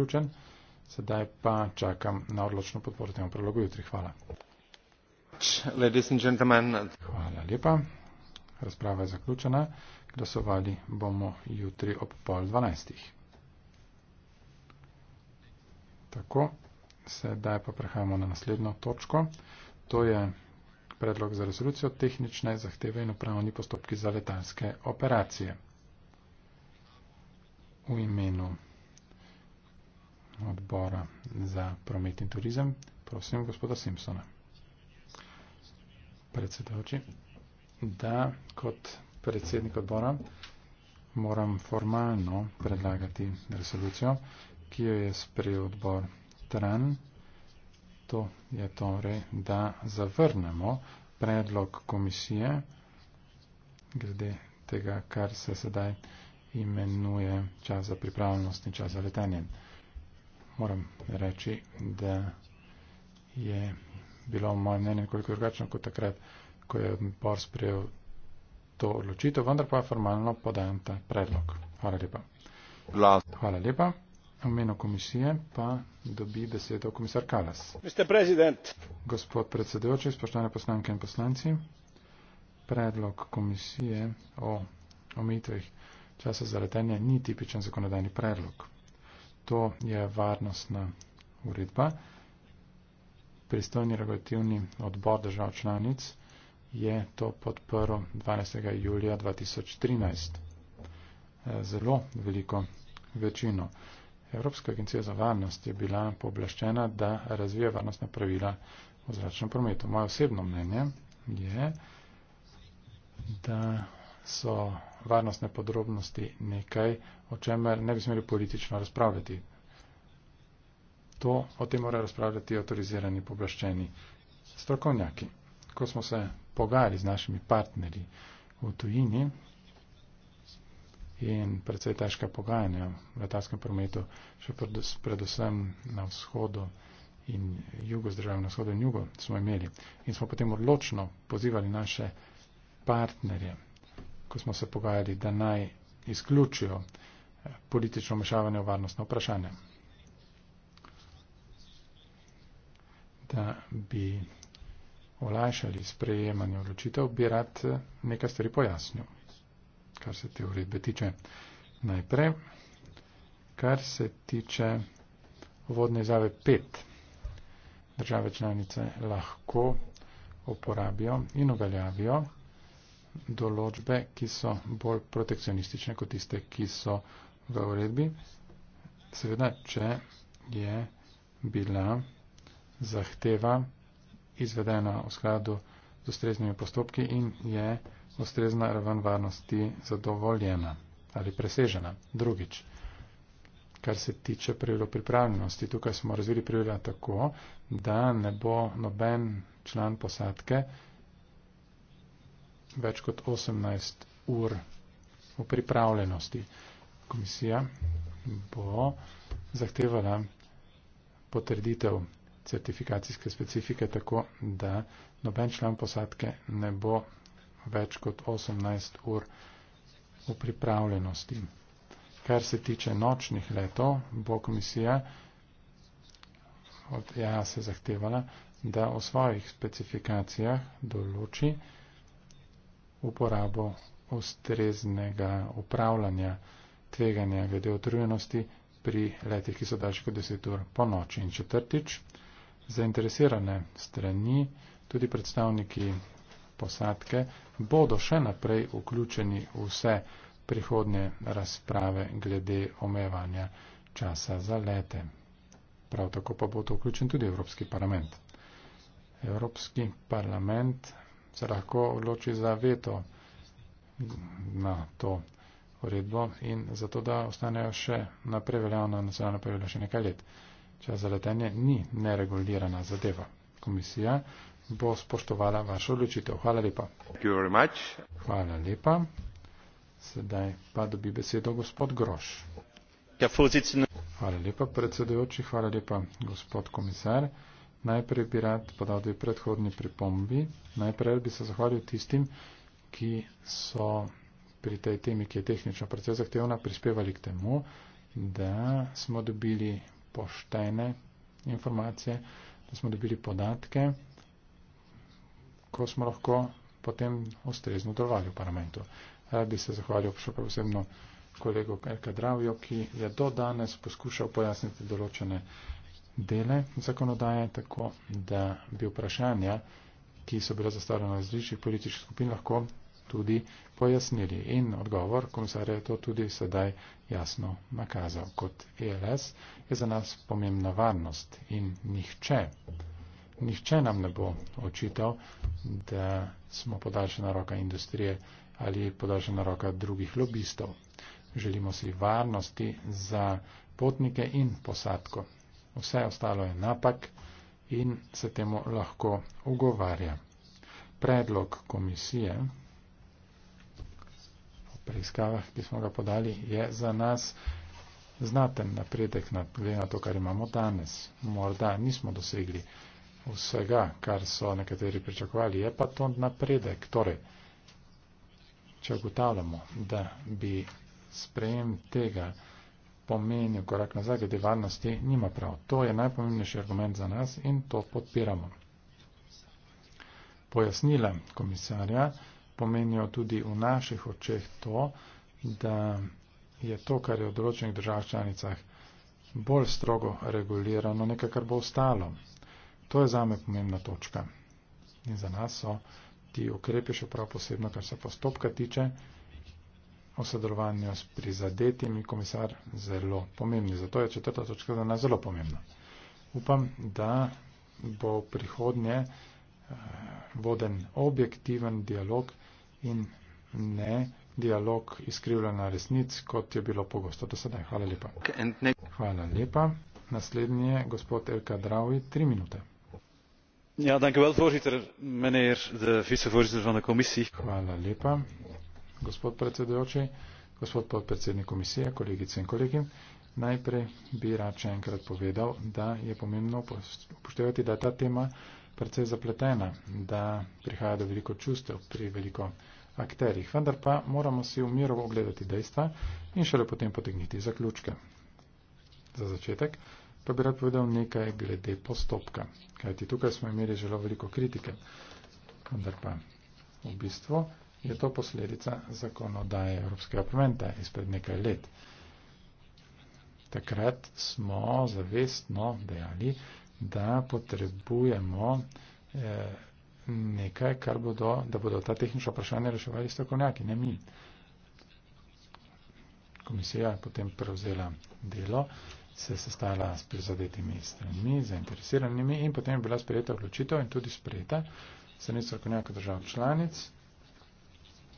zaključen. Sedaj pa čakam na odločno podporo temu predlogu jutri. Hvala. Hvala lepa. Razprava je zaključena. Glasovali bomo jutri ob pol dvanajstih. Tako, sedaj pa prehajamo na naslednjo točko. To je predlog za resolucijo tehnične zahteve in upravni postopki za letalske operacije. V imenu odbora za promet in turizem. Prosim gospoda Simpsona, predsedoči, da kot predsednik odbora moram formalno predlagati resolucijo, ki jo je sprejel odbor TRAN. To je torej, da zavrnemo predlog komisije glede tega, kar se sedaj imenuje čas za pripravljenost in čas za letenje moram reči, da je bilo moje mnenje nekoliko drugačno kot takrat, ko je odbor sprejel to odločitev, vendar pa formalno podajam ta predlog. Hvala lepa. Glas. Hvala lepa. Omeno komisije pa dobi besedo komisar Kalas. Gospod predsedujoči, spoštovane poslanke in poslanci, predlog komisije o omejitvah časa za letenje ni tipičen zakonodajni predlog to je varnostna uredba. Pristojni regulativni odbor držav članic je to podprl 12. julija 2013. Zelo veliko večino. Evropska agencija za varnost je bila pooblaščena, da razvije varnostna pravila v zračnem prometu. Moje osebno mnenje je, da so varnostne podrobnosti nekaj, o čemer ne bi smeli politično razpravljati. To o tem morajo razpravljati autorizirani poblaščeni strokovnjaki. Ko smo se pogajali z našimi partnerji v tujini in predvsej težka pogajanja v letalskem prometu, še predvsem na vzhodu in jugo, z državami na vzhodu in jugo smo imeli in smo potem odločno pozivali naše partnerje ko smo se pogajali, da naj izključijo eh, politično mešavanje v varnostno vprašanje. Da bi olajšali sprejemanje odločitev, bi rad eh, nekaj stvari pojasnil, kar se te uredbe tiče. Najprej, kar se tiče vodne izjave 5, države članice lahko uporabijo in uveljavijo določbe, ki so bolj protekcionistične kot tiste, ki so v uredbi. Seveda, če je bila zahteva izvedena v skladu z ustreznimi postopki in je ustrezna raven varnosti zadovoljena ali presežena. Drugič, kar se tiče pravilo pripravljenosti, tukaj smo razvili pravila tako, da ne bo noben član posadke več kot 18 ur v pripravljenosti. Komisija bo zahtevala potrditev certifikacijske specifike tako, da noben član posadke ne bo več kot 18 ur v pripravljenosti. Kar se tiče nočnih letov, bo komisija od JAS-a zahtevala, da v svojih specifikacijah določi, uporabo ustreznega upravljanja tveganja glede otrujenosti pri letih, ki so daljši kot 10 ur po noči. In četrtič, zainteresirane strani, tudi predstavniki posadke, bodo še naprej vključeni v vse prihodnje razprave glede omejevanja časa za lete. Prav tako pa bo to vključen tudi Evropski parlament. Evropski parlament se lahko odloči za veto na to uredbo in zato, da ostanejo še naprej veljavna nacionalna pravila še nekaj let. Čas za letenje ni neregulirana zadeva. Komisija bo spoštovala vašo odločitev. Hvala lepa. Hvala lepa. Sedaj pa dobi besedo gospod Groš. Ja, Hvala lepa, predsedujoči. Hvala lepa, gospod komisar. Najprej bi rad podal dve predhodni pripombi. Najprej bi se zahvalil tistim, ki so pri tej temi, ki je tehnično precej zahtevna, prispevali k temu, da smo dobili poštene informacije, da smo dobili podatke, ko smo lahko potem ustrezno delovali v parlamentu. Rad bi se zahvalil še posebno kolegu Elka Dravijo, ki je do danes poskušal pojasniti določene dele zakonodaje, tako da bi vprašanja, ki so bila zastavljena iz različnih političnih skupin, lahko tudi pojasnili. In odgovor komisarja je to tudi sedaj jasno nakazal. Kot ELS je za nas pomembna varnost in nihče, nihče nam ne bo očital, da smo podaljšena roka industrije ali podaljšena roka drugih lobistov. Želimo si varnosti za potnike in posadko vse ostalo je napak in se temu lahko ugovarja. Predlog komisije o preiskavah, ki smo ga podali, je za nas znaten napredek glede na to, kar imamo danes. Morda nismo dosegli vsega, kar so nekateri pričakovali, je pa to napredek. Torej, če ugotavljamo, da bi sprejem tega, pomenil korak nazaj glede varnosti, nima prav. To je najpomembnejši argument za nas in to podpiramo. Pojasnila komisarja pomenijo tudi v naših očeh to, da je to, kar je v določenih državah članicah bolj strogo regulirano, nekaj, kar bo ostalo. To je zame pomembna točka. In za nas so ti ukrepi še prav posebno, kar se postopka tiče o sodelovanju s prizadetimi komisar zelo pomembni. Zato je četrta točka za nas zelo pomembna. Upam, da bo prihodnje eh, voden objektiven dialog in ne dialog izkrivljena resnic, kot je bilo pogosto do sedaj. Hvala lepa. Hvala lepa. Naslednji je gospod Elka Dravi, tri minute. Ja, dank u wel, voorzitter. Meneer de vicevoorzitter van de commissie. Hvala lepa gospod predsedujoči, gospod podpredsednik komisije, kolegice in kolegi. Najprej bi rad še enkrat povedal, da je pomembno upoštevati, da je ta tema predvsej zapletena, da prihaja do veliko čustev pri veliko akterjih, vendar pa moramo si v miru ogledati dejstva in šele potem potegniti zaključke. Za začetek pa bi rad povedal nekaj glede postopka, kajti tukaj smo imeli zelo veliko kritike, vendar pa v bistvu je to posledica zakonodaje Evropskega parlamenta izpred nekaj let. Takrat smo zavestno dejali, da potrebujemo eh, nekaj, kar bodo, da bodo ta tehnična vprašanja reševali strokovnjaki, ne mi. Komisija je potem prevzela delo, se sestala s prizadetimi stranmi, zainteresiranimi in potem je bila sprejeta odločitev in tudi sprejeta strani strokovnjaka držav članic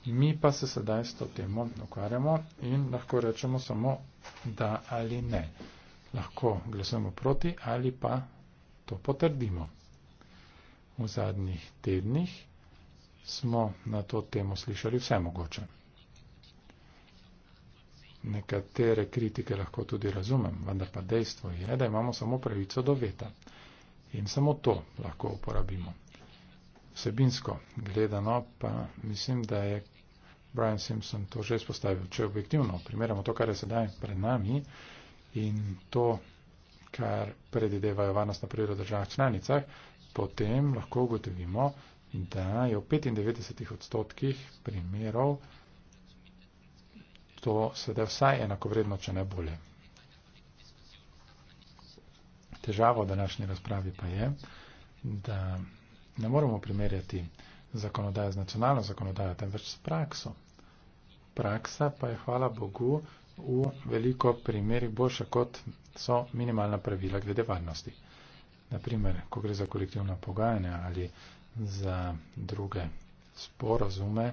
Mi pa se sedaj s to temo ukvarjamo in lahko rečemo samo da ali ne. Lahko glasujemo proti ali pa to potrdimo. V zadnjih tednih smo na to temo slišali vse mogoče. Nekatere kritike lahko tudi razumem, vendar pa dejstvo je, da imamo samo pravico do veta. In samo to lahko uporabimo. Vsebinsko gledano pa mislim, da je Brian Simpson to že izpostavil. Če objektivno primerjamo to, kar je sedaj pred nami in to, kar predidevajo varnostna priroda državah članicah, potem lahko ugotovimo, da je v 95 odstotkih primerov to sedaj vsaj enakovredno, če ne bolje. Težava v današnji razpravi pa je, da ne moremo primerjati zakonodajo z nacionalno zakonodajo, temveč s prakso. Praksa pa je, hvala Bogu, v veliko primerih boljša kot so minimalna pravila glede varnosti. Naprimer, ko gre za kolektivna pogajanja ali za druge sporazume,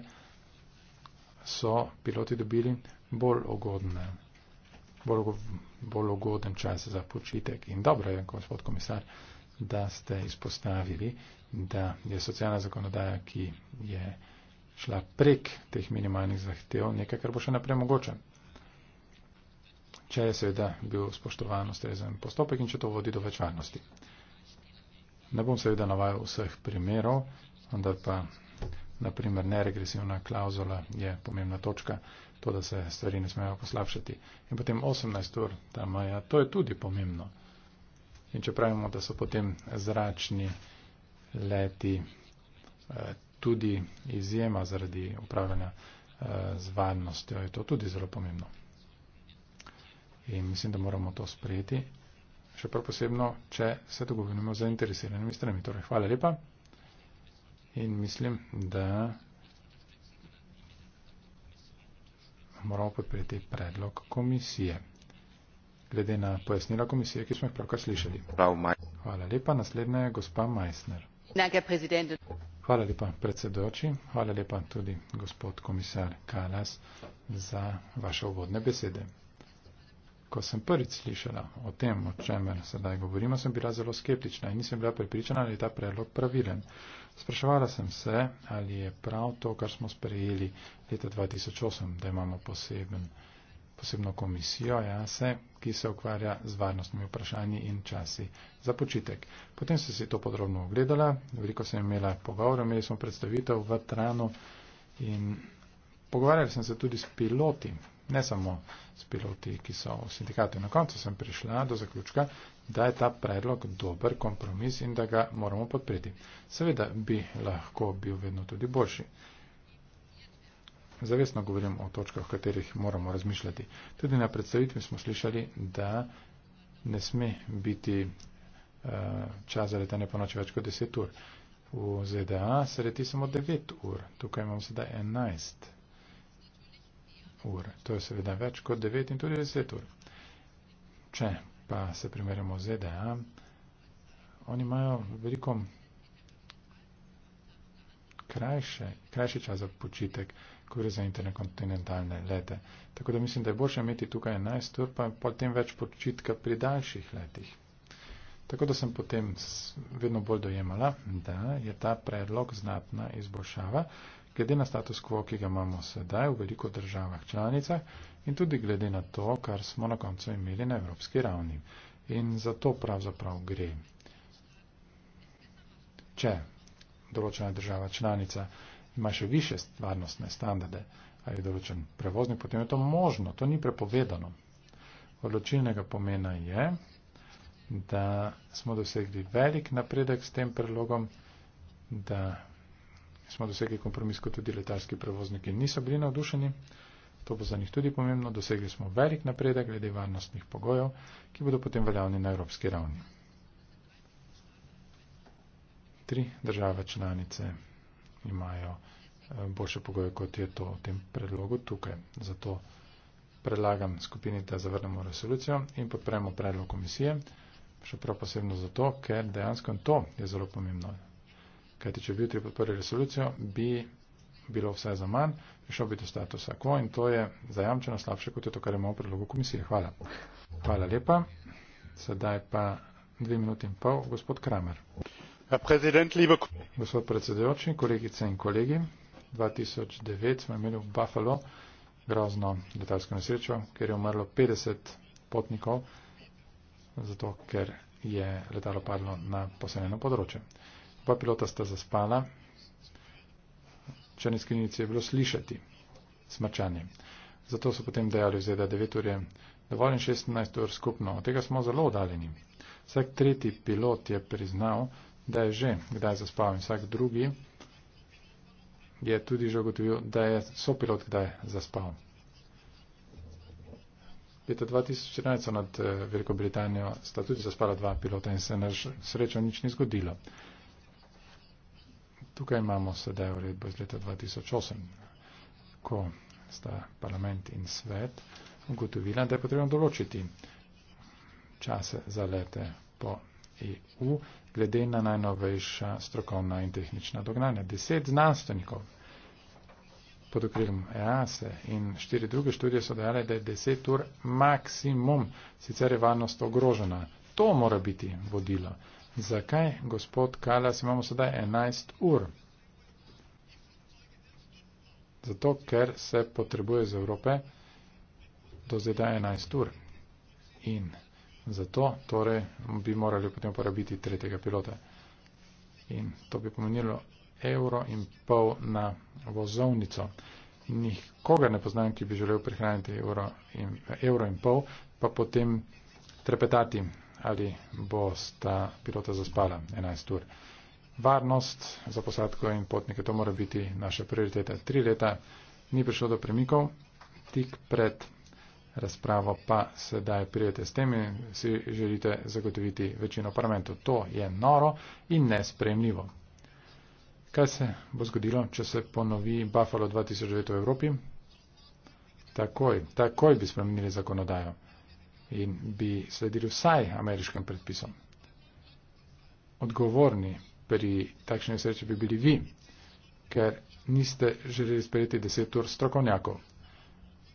so piloti dobili bolj ugodne. Bolj, bolj ugoden čas za počitek in dobro je, gospod komisar da ste izpostavili, da je socialna zakonodaja, ki je šla prek teh minimalnih zahtev, nekaj, kar bo še naprej mogoče. Če je seveda bil spoštovan ustrezen postopek in če to vodi do več varnosti. Ne bom seveda navajal vseh primerov, vendar pa naprimer neregresivna klauzula je pomembna točka, to, da se stvari ne smejo poslabšati. In potem 18 ur ta maja, to je tudi pomembno. In če pravimo, da so potem zračni leti eh, tudi izjema zaradi upravljanja eh, z varnostjo, je to tudi zelo pomembno. In mislim, da moramo to sprejeti, še prav posebno, če se dogovorimo z zainteresiranimi stranami. Torej, hvala lepa. In mislim, da moramo podpreti predlog komisije glede na pojasnila komisije, ki smo jih pravkar slišali. Hvala lepa. Naslednja je gospa Meissner. Hvala lepa, predsedoči. Hvala lepa tudi gospod komisar Kalas za vaše uvodne besede. Ko sem prvič slišala o tem, o čemer sedaj govorimo, sem bila zelo skeptična in nisem bila prepričana, ali je ta predlog pravilen. Spraševala sem se, ali je prav to, kar smo sprejeli leta 2008, da imamo poseben posebno komisijo, ja, se, ki se ukvarja z varnostnimi vprašanji in časi za počitek. Potem sem si to podrobno ogledala, veliko sem imela pogovorov, imeli smo predstavitev v Tranu in pogovarjali sem se tudi s piloti, ne samo s piloti, ki so v sindikatu. Na koncu sem prišla do zaključka, da je ta predlog dober kompromis in da ga moramo podpreti. Seveda bi lahko bil vedno tudi boljši. Zavestno govorim o točkah, o katerih moramo razmišljati. Tudi na predstavitvi smo slišali, da ne sme biti eh, čas za letanje po noči več kot 10 ur. V ZDA se leti samo 9 ur, tukaj imamo sedaj 11 ur. To je seveda več kot 9 in tudi 10 ur. Če pa se primerjamo z ZDA, oni imajo veliko krajše, krajše čas za počitek ko gre za interkontinentalne lete. Tako da mislim, da je boljše imeti tukaj 11 ur, pa potem več počitka pri daljših letih. Tako da sem potem vedno bolj dojemala, da je ta predlog znatna izboljšava, glede na status quo, ki ga imamo sedaj v veliko državah članicah in tudi glede na to, kar smo na koncu imeli na evropski ravni. In za to pravzaprav gre. Če določena država članica ima še više varnostne standarde ali je določen prevoznik, potem je to možno, to ni prepovedano. Odločilnega pomena je, da smo dosegli velik napredek s tem predlogom, da smo dosegli kompromis, ko tudi letalski prevozniki niso bili navdušeni. To bo za njih tudi pomembno. Dosegli smo velik napredek glede varnostnih pogojev, ki bodo potem veljavni na evropski ravni. Tri države članice imajo eh, boljše pogoje, kot je to v tem predlogu tukaj. Zato predlagam skupini, da zavrnemo resolucijo in podpremo predlog komisije, še prav posebno zato, ker dejansko to je zelo pomembno. Ker če bi jutri podprli resolucijo, bi bilo vse za manj, šel bi do statusa quo in to je zajamčeno slabše, kot je to, kar imamo v predlogu komisije. Hvala. Hvala lepa. Sedaj pa dve minuti in pol, gospod Kramer gospod predsedujoči, kolegice in kolegi. 2009 smo imeli v Buffalo grozno letalsko nesrečo, ker je umrlo 50 potnikov, zato ker je letalo padlo na poseljeno področje. Dva pilota sta zaspala, črne skrinjice je bilo slišati smrčanje. Zato so potem dejali vzeda, da 9 ur je dovolj in 16 ur skupno. Od tega smo zelo oddaljeni. Vsak tretji pilot je priznal, da je že kdaj zaspal in vsak drugi je tudi že ugotovil, da je sopilot kdaj zaspal. Leta 2014 so nad eh, Veliko Britanijo sta tudi zaspala dva pilota in se na srečo nič ni zgodilo. Tukaj imamo sedaj uredbo iz leta 2008, ko sta parlament in svet ugotovila, da je potrebno določiti čase za lete po EU glede na najnovejša strokovna in tehnična dognanja. Deset znanstvenikov pod okriljem EASE e in štiri druge študije so dejale, da je deset ur maksimum, sicer je varnost ogrožena. To mora biti vodilo. Zakaj, gospod Kalas, imamo sedaj 11 ur? Zato, ker se potrebuje z Evrope do zdaj 11 ur. In za to, torej bi morali potem uporabiti tretjega pilota. In to bi pomenilo evro in pol na vozovnico. Nikogar ne poznam, ki bi želel prihraniti evro in, evro in pol, pa potem trepetati, ali bo sta pilota zaspala 11 ur. Varnost za posadko in potnike, to mora biti naša prioriteta. Tri leta ni prišlo do premikov, tik pred razpravo, pa sedaj prijete s temi, si želite zagotoviti večino parlamentu. To je noro in nespremljivo. Kaj se bo zgodilo, če se ponovi Buffalo 2009 v Evropi? Takoj, takoj bi spremenili zakonodajo in bi sledili vsaj ameriškim predpisom. Odgovorni pri takšni sreči bi bili vi, ker niste želeli sprejeti deset ur strokovnjakov.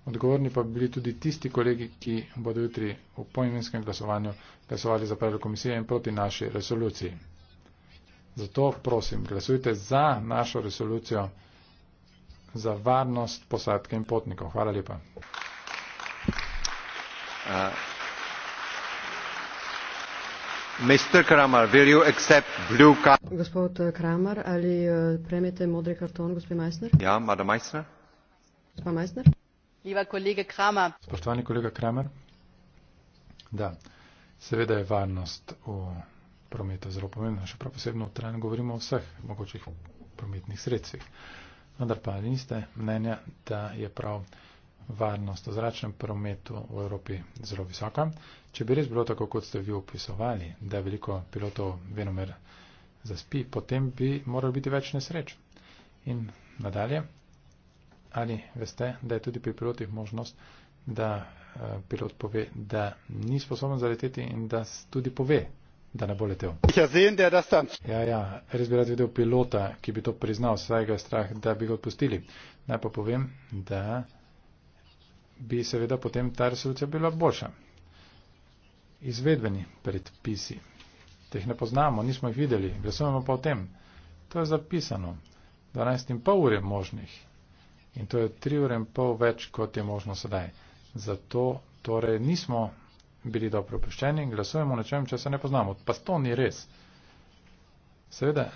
Odgovorni pa bi bili tudi tisti kolegi, ki bodo jutri v poimenskem glasovanju glasovali za predlog komisije in proti naši resoluciji. Zato prosim, glasujte za našo resolucijo za varnost posadke in potnikov. Hvala lepa. Uh, Kramer, Gospod Kramer, ali eh, prejmete modri karton, gospod Meissner? Ja, madam Meissner. Gospod Meissner? Lepa kolega Kramer. Spoštovani kolega Kramer. Da, seveda je varnost v prometu zelo pomembna, še prav posebno v trajanju govorimo o vseh mogočih prometnih sredstvih. Vendar pa niste mnenja, da je prav varnost v zračnem prometu v Evropi zelo visoka. Če bi res bilo tako, kot ste vi opisovali, da veliko pilotov venomer zaspi, potem bi moralo biti več nesreč. In nadalje, ali veste, da je tudi pri pilotih možnost, da eh, pilot pove, da ni sposoben zaleteti in da tudi pove, da ne bo letel. Ja, ja, res bi rad videl pilota, ki bi to priznal, saj ga je strah, da bi ga odpustili. Naj pa povem, da bi seveda potem ta resolucija bila boljša. Izvedbeni predpisi. Teh ne poznamo, nismo jih videli, glasujemo pa o tem. To je zapisano. 12,5 ure možnih In to je tri ure in pol več, kot je možno sedaj. Zato torej nismo bili dobro opuščeni in glasujemo o nečem, če se ne poznamo. Pa to ni res. Seveda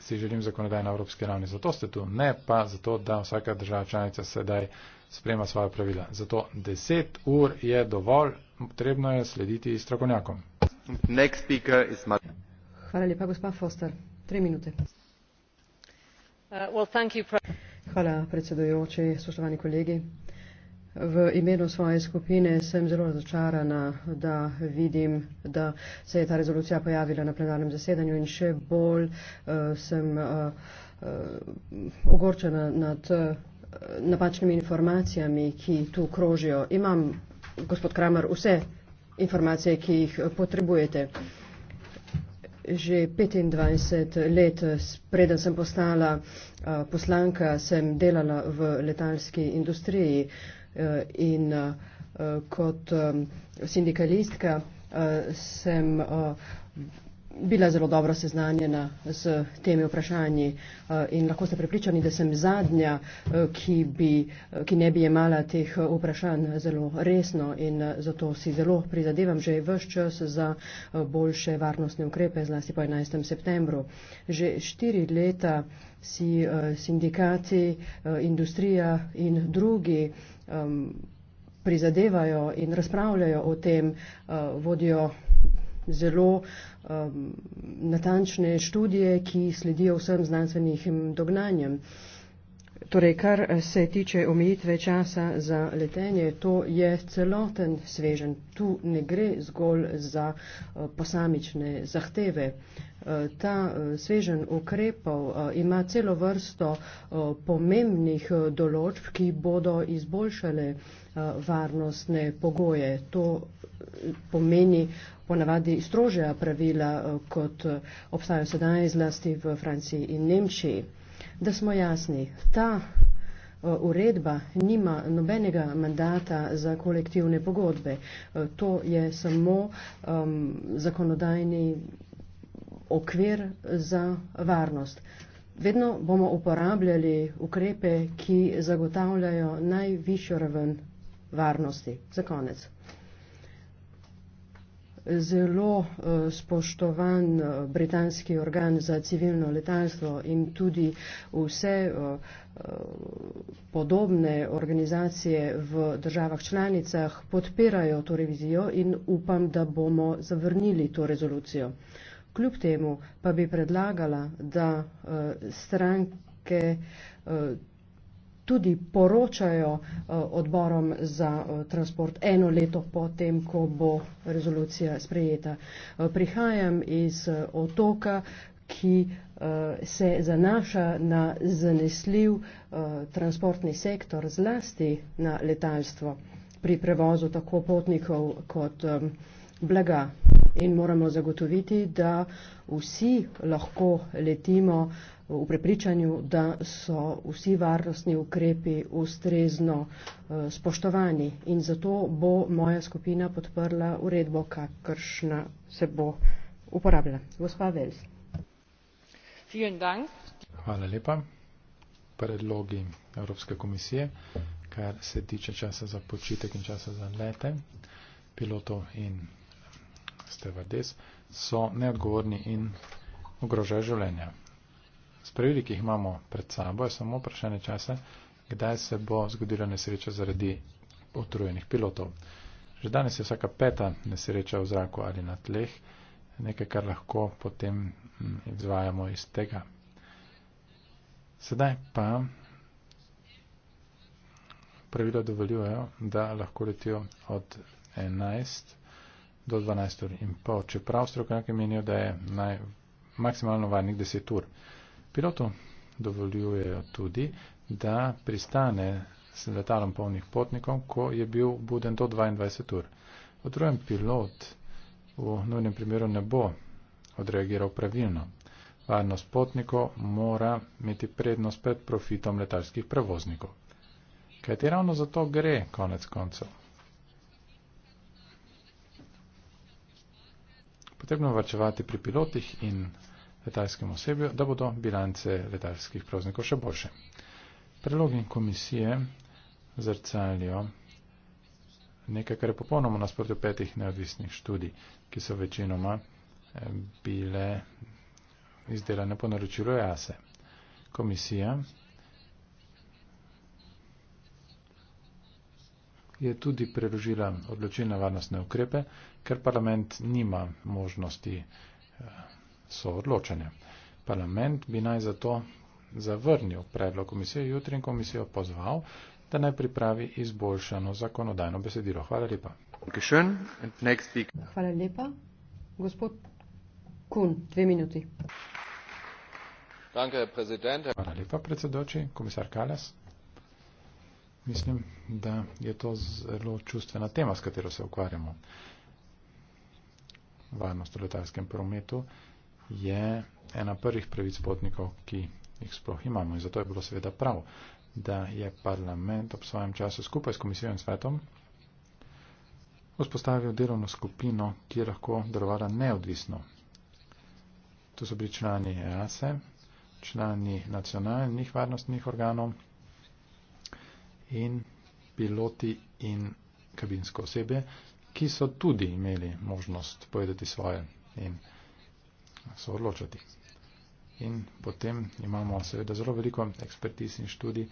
si želim zakonodaj na evropski ravni, zato ste tu, ne pa zato, da vsaka država članica sedaj sprema svoje pravila. Zato 10 ur je dovolj, potrebno je slediti strokovnjakom. Hvala lepa, gospod Foster. Tri minute. Uh, well, Hvala, predsedujoči, spoštovani kolegi. V imenu svoje skupine sem zelo razočarana, da vidim, da se je ta rezolucija pojavila na plenarnem zasedanju in še bolj uh, sem uh, uh, ogorčena nad uh, napačnimi informacijami, ki tu krožijo. Imam, gospod Kramer, vse informacije, ki jih potrebujete. Uh, že 25 let, preden sem postala poslanka, sem delala v letalski industriji in kot sindikalistka sem bila zelo dobro seznanjena s temi vprašanji eh, in lahko ste prepričani, da sem zadnja, eh, ki, bi, eh, ki ne bi imala teh vprašanj zelo resno in zato si zelo prizadevam že vse čas za boljše varnostne ukrepe, zlasti po 11. septembru. Že štiri leta si sindikati, industrija in drugi prizadevajo in razpravljajo o tem, vodijo zelo um, natančne študije, ki sledijo vsem znanstvenim dognanjem. Torej, kar se tiče omejitve časa za letenje, to je celoten svežen. Tu ne gre zgolj za uh, posamične zahteve. Uh, ta uh, svežen ukrepov ima celo vrsto pomembnih določb, ki bodo izboljšale varnostne pogoje. To pomeni uh, ponavadi strožja pravila, eh, kot eh, obstajajo sedaj zlasti v Franciji in Nemčiji. Da smo jasni, ta eh, uredba nima nobenega mandata za kolektivne pogodbe. To je samo um, zakonodajni okvir za varnost. Vedno bomo uporabljali ukrepe, ki zagotavljajo najvišjo raven varnosti. Za konec zelo eh, spoštovan eh, britanski organ za civilno letalstvo in tudi vse eh, podobne organizacije v državah članicah podpirajo to revizijo in upam, da bomo zavrnili to rezolucijo. Kljub temu pa bi predlagala, da stranke tudi poročajo eh, odborom za eh, transport eno leto potem, ko bo rezolucija sprejeta. Eh, prihajam iz otoka, ki se zanaša na zanesljiv transportni sektor, zlasti na letalstvo pri prevozu tako potnikov kot blaga. In moramo zagotoviti, da vsi lahko letimo v prepričanju, da so vsi varnostni ukrepi ustrezno eh, spoštovani in zato bo moja skupina podprla uredbo, kakršna se bo uporabljala. Gospa Vels. Hvala lepa. Predlogi Evropske komisije, kar se tiče časa za počitek in časa za lete, pilotov in stevardes, so neodgovorni in ogrožajo življenja s pravili, ki jih imamo pred sabo, je samo vprašanje časa, kdaj se bo zgodila nesreča zaradi otrujenih pilotov. Že danes je vsaka peta nesreča v zraku ali na tleh, nekaj, kar lahko potem hm, izvajamo iz tega. Sedaj pa pravila dovoljujejo, da lahko letijo od 11 do 12 ur in pol, čeprav strokovnjaki menijo, da je naj, maksimalno varnih 10 ur pilotu dovoljujejo tudi, da pristane s letalom polnih potnikov, ko je bil buden do 22 ur. V drugem pilot v nujnem primeru ne bo odreagiral pravilno. Varnost potnikov mora imeti prednost pred profitom letalskih prevoznikov. Kaj ti ravno za to gre, konec koncev? Potrebno varčevati pri pilotih in letalskim osebju, da bodo bilance letalskih proznikov še boljše. Prelogi komisije zrcalijo nekaj, kar je popolnoma nasprotjo petih neodvisnih študij, ki so večinoma eh, bile izdelane po naročilu jase. E. Komisija je tudi preložila odločilne varnostne ukrepe, ker parlament nima možnosti eh, soodločanja. Parlament bi naj zato zavrnil predlog komisije jutri in komisijo pozval, da naj pripravi izboljšano zakonodajno besedilo. Hvala lepa. Hvala lepa. Gospod Kun, dve minuti. Hvala lepa, predsedoči, komisar Kales. Mislim, da je to zelo čustvena tema, s katero se ukvarjamo. Varnost v letalskem prometu je ena prvih pravic potnikov, ki jih sploh imamo. In zato je bilo seveda prav, da je parlament ob svojem času skupaj s komisijo in svetom vzpostavil delovno skupino, ki je lahko delovala neodvisno. To so bili člani EASE, člani nacionalnih varnostnih organov in piloti in kabinsko osebe, ki so tudi imeli možnost povedati svoje. In se odločati. In potem imamo seveda zelo veliko ekspertiz in študij,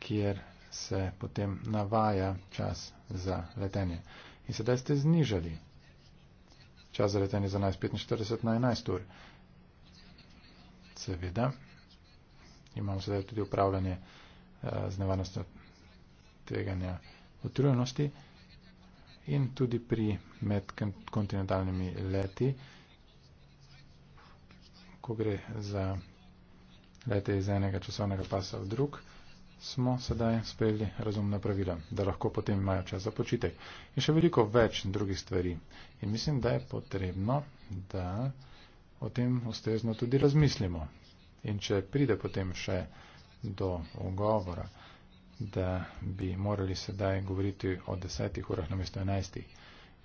kjer se potem navaja čas za letenje. In sedaj ste znižali čas za letenje za 11.45 na 11 ur. Seveda imamo sedaj tudi upravljanje uh, z nevarnostjo tveganja utrujenosti in tudi pri medkontinentalnimi leti. Uh, ko gre za lete iz enega časovnega pasa v drug, smo sedaj speli razumna pravila, da lahko potem imajo čas za počitek. In še veliko več drugih stvari. In mislim, da je potrebno, da o tem ustrezno tudi razmislimo. In če pride potem še do ugovora, da bi morali sedaj govoriti o desetih urah namesto enajstih,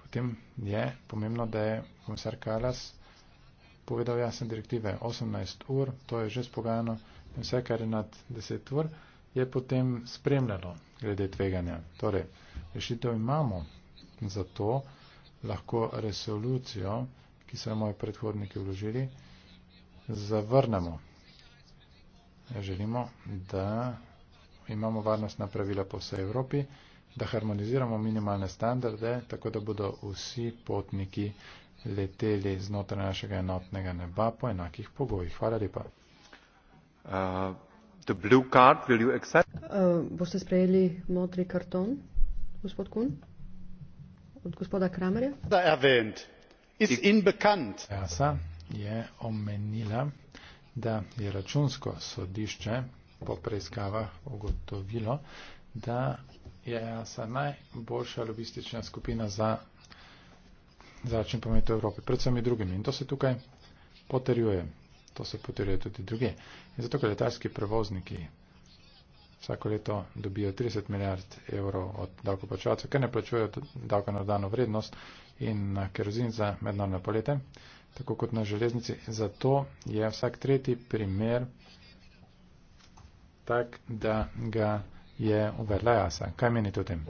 potem je pomembno, da je komisar Kalas povedal jasne direktive 18 ur, to je že spogajano in vse, kar je nad 10 ur, je potem spremljalo glede tveganja. Torej, rešitev imamo za to, lahko resolucijo, ki so moji predhodniki vložili, zavrnemo. Želimo, da imamo varnostna pravila po vsej Evropi, da harmoniziramo minimalne standarde, tako da bodo vsi potniki leteli znotraj našega enotnega neba po enakih pogojih. Hvala lepa. Uh, card, uh, boste sprejeli modri karton, gospod Kun, od gospoda Kramerja? Jasa je omenila, da je računsko sodišče po preiskavah ugotovilo, da je Jasa najboljša lobistična skupina za zračnim prometom v Evropi, predvsem med drugimi. In to se tukaj poterjuje. To se poterjuje tudi druge. In zato, ker letalski prevozniki vsako leto dobijo 30 milijard evrov od davkoplačevalcev, ker ne plačujejo davka na dano vrednost in na kerozin za mednarodne polete, tako kot na železnici. Zato je vsak tretji primer tak, da ga je uvedla jasa. Kaj menite o tem?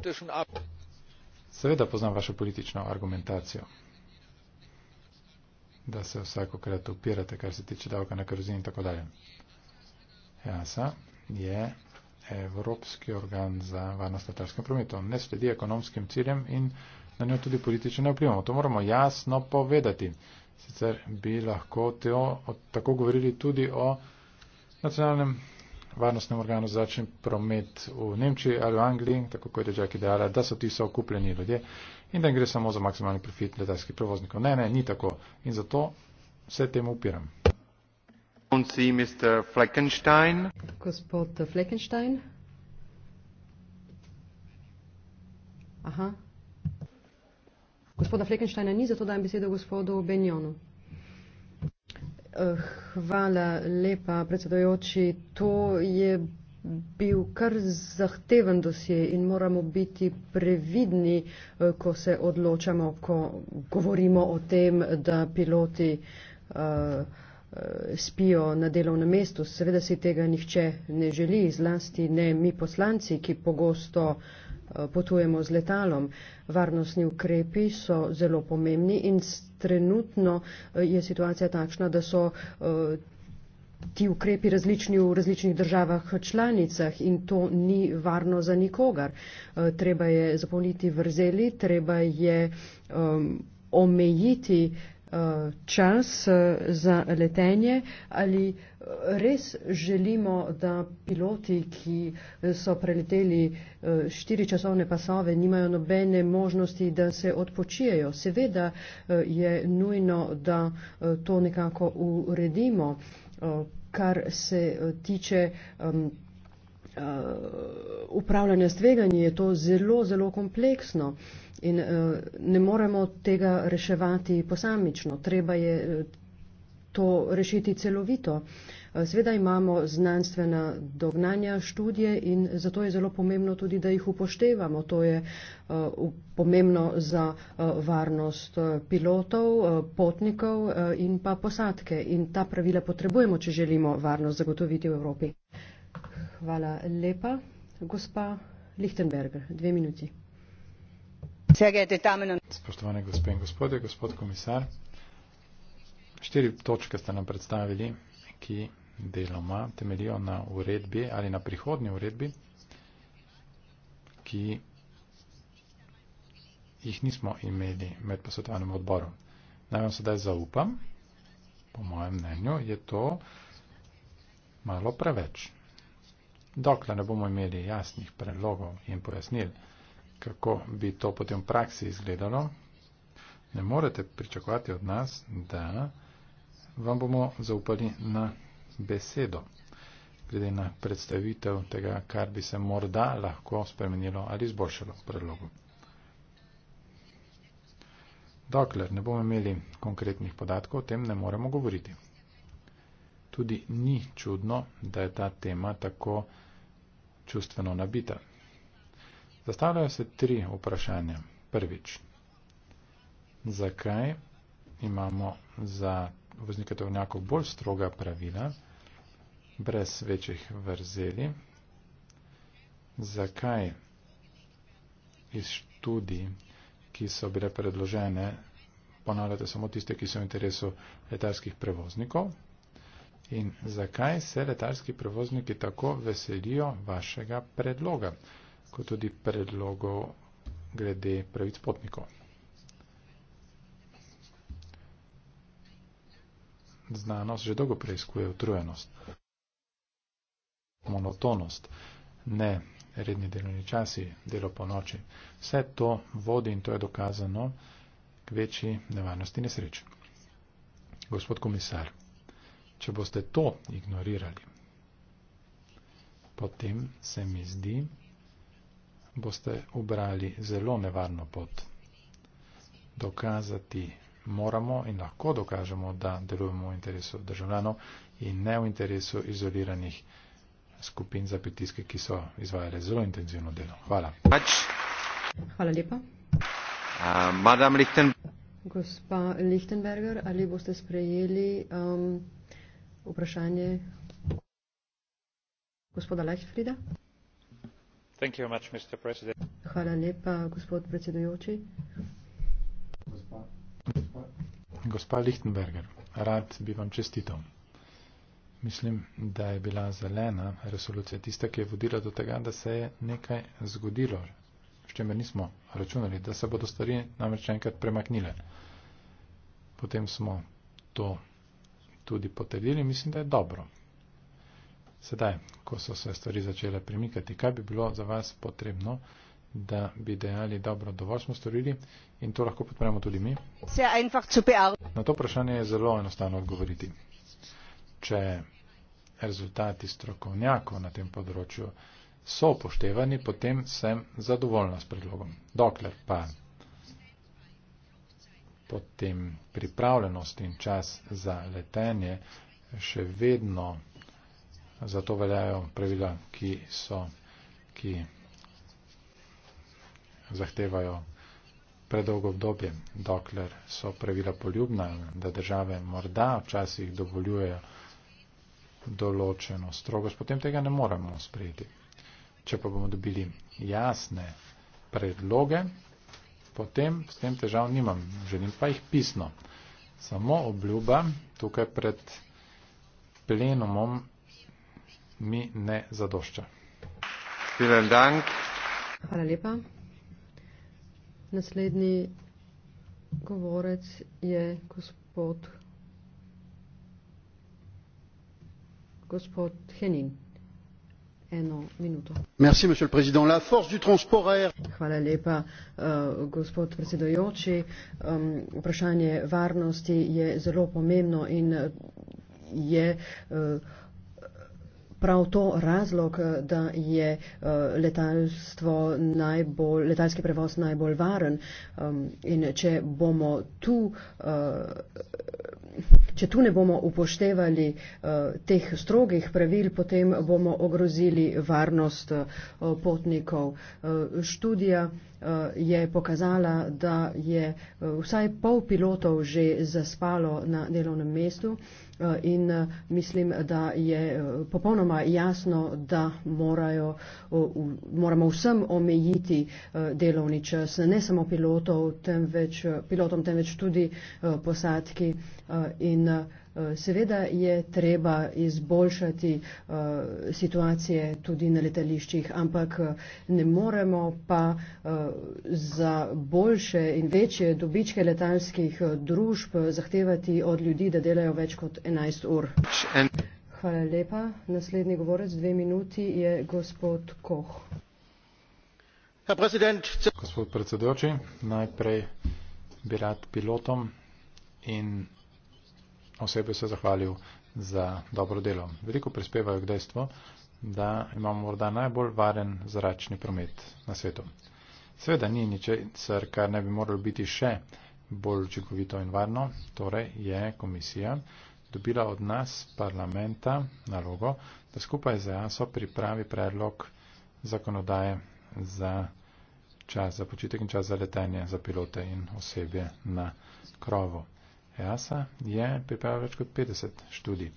Seveda poznam vašo politično argumentacijo, da se vsakokrat upirate, kar se tiče davka na kruzin in tako dalje. EASA je Evropski organ za varnost na tarskem prometu. Ne sledi ekonomskim ciljem in na njo tudi politično ne vplivamo. To moramo jasno povedati. Sicer bi lahko teo, tako govorili tudi o nacionalnem varnostnem organu za začni promet v Nemčiji ali v Angliji, tako kot je Džak ideala, da so ti so okupljeni ljudje in da gre samo za maksimalni profit letalskih prevoznikov. Ne, ne, ni tako. In zato vse temu upiram. Gospod Fleckenstein. Aha. Gospoda Fleckensteina ni, zato dajem besedo gospodu Benjonu. Eh, hvala lepa, predsedojoči. To je bil kar zahteven dosje in moramo biti previdni, eh, ko se odločamo, ko govorimo o tem, da piloti eh, spijo na delovnem mestu. Seveda si tega nihče ne želi, zlasti ne mi poslanci, ki pogosto uh, Eh, potujemo z letalom. Varnostni ukrepi so zelo pomembni in trenutno eh, je situacija takšna, da so eh, ti ukrepi različni v različnih državah članicah in to ni varno za nikogar. Treba je zapolniti vrzeli, treba je omejiti uh, Eh, čas eh, za letenje ali eh, res želimo, da piloti, ki so preleteli štiri časovne pasove, nimajo nobene možnosti, da se odpočijejo. Seveda je nujno, da to nekako uredimo, kar se tiče uh, eh, upravljanja s tveganji je to zelo, zelo kompleksno in uh, ne moremo tega reševati posamično. Treba je eh, to rešiti celovito. Sveda imamo znanstvena dognanja študije in zato je zelo pomembno tudi, da jih upoštevamo. To je uh, pomembno za uh, varnost pilotov, uh, potnikov uh, in pa posadke. In ta pravila potrebujemo, če želimo varnost zagotoviti v Evropi. Uh, Hvala lepa. Gospa Lichtenberger, dve minuti. Spoštovane gospe in gospode, gospod komisar, štiri točke ste nam predstavili, ki deloma temeljijo na uredbi ali na prihodnji uredbi, ki jih nismo imeli med posvetovanjem odboru. Naj vam sedaj zaupam, po mojem mnenju je to malo preveč dokler ne bomo imeli jasnih predlogov in pojasnil, kako bi to potem v praksi izgledalo, ne morete pričakovati od nas, da vam bomo zaupali na besedo, glede na predstavitev tega, kar bi se morda lahko spremenilo ali izboljšalo predlogu. Dokler ne bomo imeli konkretnih podatkov, o tem ne moremo govoriti. Tudi ni čudno, da je ta tema tako čustveno nabita. Zastavljajo se tri vprašanja. Prvič, zakaj imamo za voznike tovornjakov bolj stroga pravila, brez večjih vrzeli? Zakaj iz študij, ki so bile predložene, ponavljate samo tiste, ki so v interesu letalskih prevoznikov, In zakaj se letalski prevozniki tako veselijo vašega predloga, kot tudi predlogov glede pravic potnikov? Znanost že dolgo preizkuje utrujenost, monotonost, ne redni delovni časi, delo po noči. Vse to vodi in to je dokazano k večji nevarnosti nesreč. Gospod komisar, če boste to ignorirali, potem se mi zdi, boste ubrali zelo nevarno pot. Dokazati moramo in lahko dokažemo, da delujemo v interesu državljanov in ne v interesu izoliranih skupin za pritiske, ki so izvajale zelo intenzivno delo. Hvala. Hvala lepa. Uh, Madam Lichten. Gospa Lichtenberger, ali boste sprejeli. Um, vprašanje gospoda Leichtfrieda. Thank you much, Mr. President. Hvala lepa, gospod predsedujoči. Gospa Lichtenberger, rad bi vam čestitev. Mislim, da je bila zelena resolucija tista, ki je vodila do tega, da se je nekaj zgodilo, s čemer nismo računali, da se bodo stvari namreč enkrat premaknile. Potem smo to tudi potrdili, mislim, da je dobro. Sedaj, ko so se stvari začele premikati, kaj bi bilo za vas potrebno, da bi dejali dobro, dovolj smo storili in to lahko podpremo tudi mi? Na to vprašanje je zelo enostavno odgovoriti. Če rezultati strokovnjakov na tem področju so upoštevani, potem sem zadovoljna s predlogom. Dokler pa potem pripravljenost in čas za letenje še vedno. Zato veljajo pravila, ki, so, ki zahtevajo predolgo obdobje, dokler so pravila poljubna, da države morda včasih dovoljujejo določeno strogost, potem tega ne moremo sprejeti. Če pa bomo dobili jasne predloge, potem s tem težav nimam, želim pa jih pisno. Samo obljuba tukaj pred plenumom mi ne zadošča. Hvala lepa. Naslednji govorec je gospod, gospod Henin eno minuto. Merci, président. La force du transport aer... Hvala lepa, uh, gospod predsedojoči. Um, vprašanje varnosti je zelo pomembno in je uh, prav to razlog, da je uh, najbolj, letalski prevoz najbolj varen. Um, in če bomo tu. Uh, če tu ne bomo upoštevali eh, teh strogih pravil, potem bomo ogrozili varnost eh, potnikov. Eh, študija je pokazala, da je vsaj pol pilotov že zaspalo na delovnem mestu in mislim, da je popolnoma jasno, da morajo, moramo vsem omejiti delovni čas, ne samo pilotov, temveč, pilotom, temveč tudi posadki. In Eh, seveda je treba izboljšati eh, situacije tudi na letališčih, ampak eh, ne moremo pa za boljše in večje dobičke letalskih družb zahtevati od ljudi, da delajo več kot 11 ur. Hvala lepa. Naslednji govorec, dve minuti, je gospod Koh. Gospod predsedujoči, najprej bi rad pilotom in osebi se zahvalil za dobro delo. Veliko prispevajo k dejstvu, da imamo morda najbolj varen zračni promet na svetu. Sveda ni ničesar, kar ne bi moralo biti še bolj učinkovito in varno, torej je komisija dobila od nas parlamenta nalogo, da skupaj z JASO pripravi predlog zakonodaje za čas za počitek in čas za letenje za pilote in osebje na krovu. EASA je pripravil več kot 50 študij.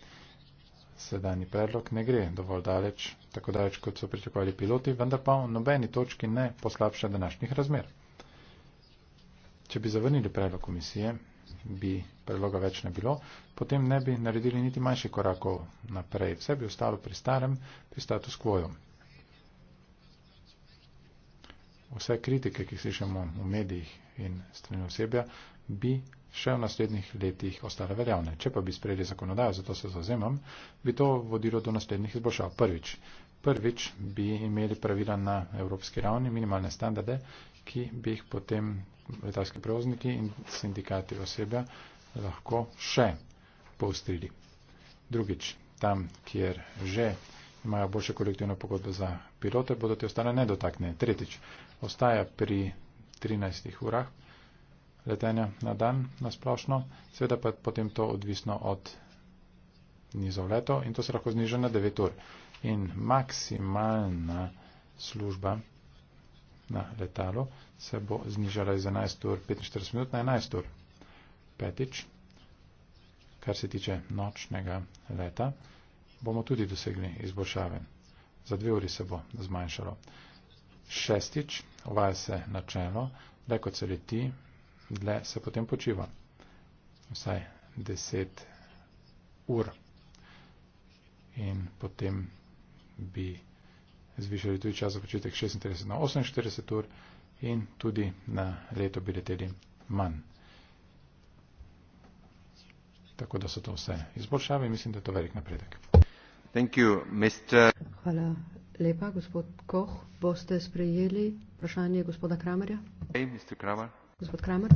Sedajni predlog ne gre dovolj daleč, tako daleč, kot so pričakovali piloti, vendar pa v nobeni točki ne poslabša današnjih razmer. Če bi zavrnili predlog komisije, bi predloga več ne bilo, potem ne bi naredili niti manjši korakov naprej. Vse bi ostalo pri starem, pri status quo. Vse kritike, ki jih slišamo v medijih in strani osebja, bi še v naslednjih letih ostale veljavne. Če pa bi sprejeli zakonodajo, zato se zauzemam, bi to vodilo do naslednjih izboljšav. Prvič. Prvič bi imeli pravila na evropski ravni, minimalne standarde, ki bi jih potem letalski prevozniki in sindikati osebja lahko še poustrili. Drugič, tam, kjer že imajo boljše kolektivne pogodbe za pilote, bodo te ostale nedotaknjene. Tretjič, ostaja pri 13 urah, letenja na dan nasplošno, seveda pa potem to odvisno od nizov letov in to se lahko zniža na 9 ur. In maksimalna služba na letalu se bo znižala iz 11 ur 45 minut na 11 ur. Petič, kar se tiče nočnega leta, bomo tudi dosegli izboljšave. Za dve uri se bo zmanjšalo. Šestič, uvaja se načelo, da kot se leti, dle se potem počiva. Vsaj 10 ur. In potem bi zvišali tudi čas za počitek 36 na 48 ur in tudi na leto bi leteli manj. Tako da so to vse izboljšave in mislim, da je to velik napredek. Thank you, Mr. Hvala lepa, gospod Koh. Boste sprejeli vprašanje gospoda Kramerja? Hey, Mr. Kramer. Gospod Kramer.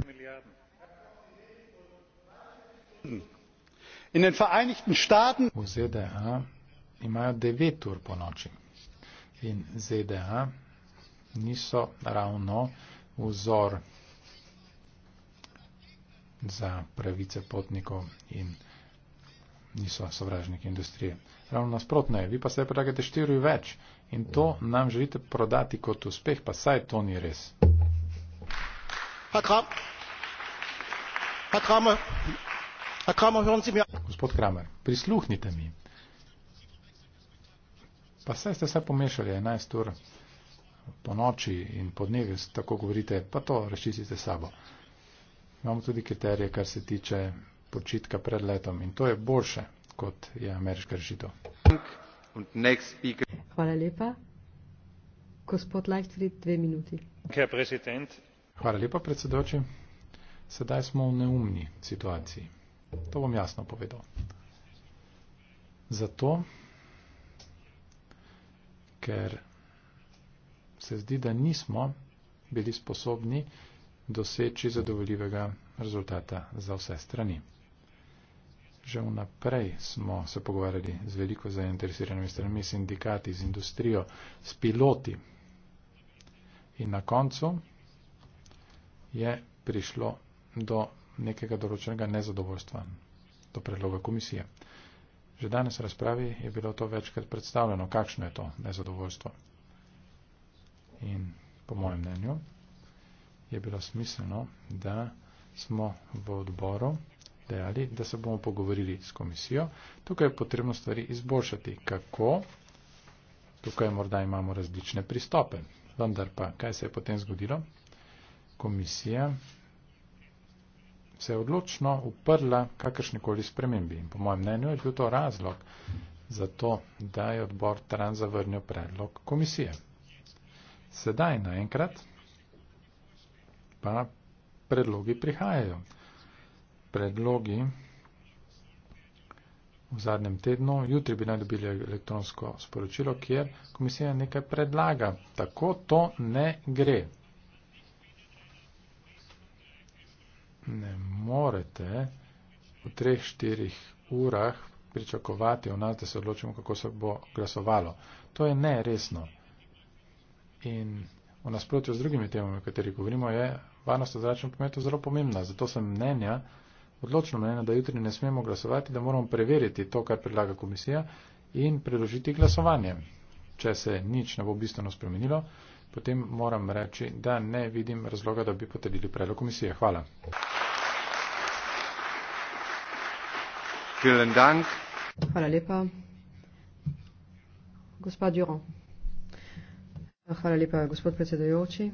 In v Vereinigten Staaten. V ZDA imajo 9 ur po noči. In ZDA niso ravno vzor za pravice potnikov in niso sovražniki industrije. Ravno nasprotno je, vi pa se predlagate 4 ur več in to nam želite prodati kot uspeh, pa saj to ni res. Herr Kramer, Herr Kramer, Herr Kramer hören Sie mir. Gospod Kramer, prisluhnite mi. Pa saj ste se pomešali 11 ur po noči in po dnevi, tako govorite, pa to rešite sabo. Imamo tudi kriterije, kar se tiče počitka pred letom in to je boljše, kot je ameriška rešitev. Hvala lepa. Gospod Leichtfried, dve minuti. Hvala lepa, predsedoči. Sedaj smo v neumni situaciji. To bom jasno povedal. Zato, ker se zdi, da nismo bili sposobni doseči zadovoljivega rezultata za vse strani. Že vnaprej smo se pogovarjali z veliko zainteresiranimi stranmi, sindikati, z industrijo, s piloti. In na koncu je prišlo do nekega določenega nezadovoljstva do predloga komisije. Že danes v razpravi je bilo to večkrat predstavljeno, kakšno je to nezadovoljstvo. In po mojem mnenju je bilo smiselno, da smo v odboru dejali, da se bomo pogovorili s komisijo. Tukaj je potrebno stvari izboljšati. Kako? Tukaj morda imamo različne pristope. Vendar pa, kaj se je potem zgodilo? komisije se je odločno uprla kakršnekoli spremembi. In po mojem mnenju je bil to razlog za to, da je odbor Tran zavrnil predlog komisije. Sedaj naenkrat pa predlogi prihajajo. Predlogi v zadnjem tednu, jutri bi naj dobili elektronsko sporočilo, kjer komisija nekaj predlaga. Tako to ne gre. ne morete v treh, štirih urah pričakovati v nas, da se odločimo, kako se bo glasovalo. To je neresno. In v nasprotju z drugimi temami, o katerih govorimo, je varnost v zračnem prometu zelo pomembna. Zato sem mnenja, odločno mnenja, da jutri ne smemo glasovati, da moramo preveriti to, kar predlaga komisija in preložiti glasovanje. Če se nič ne bo bistveno spremenilo, potem moram reči, da ne vidim razloga, da bi potrdili predlog komisije. Hvala. Hvala lepa. Gospa Duran. Hvala lepa, gospod predsedujoči.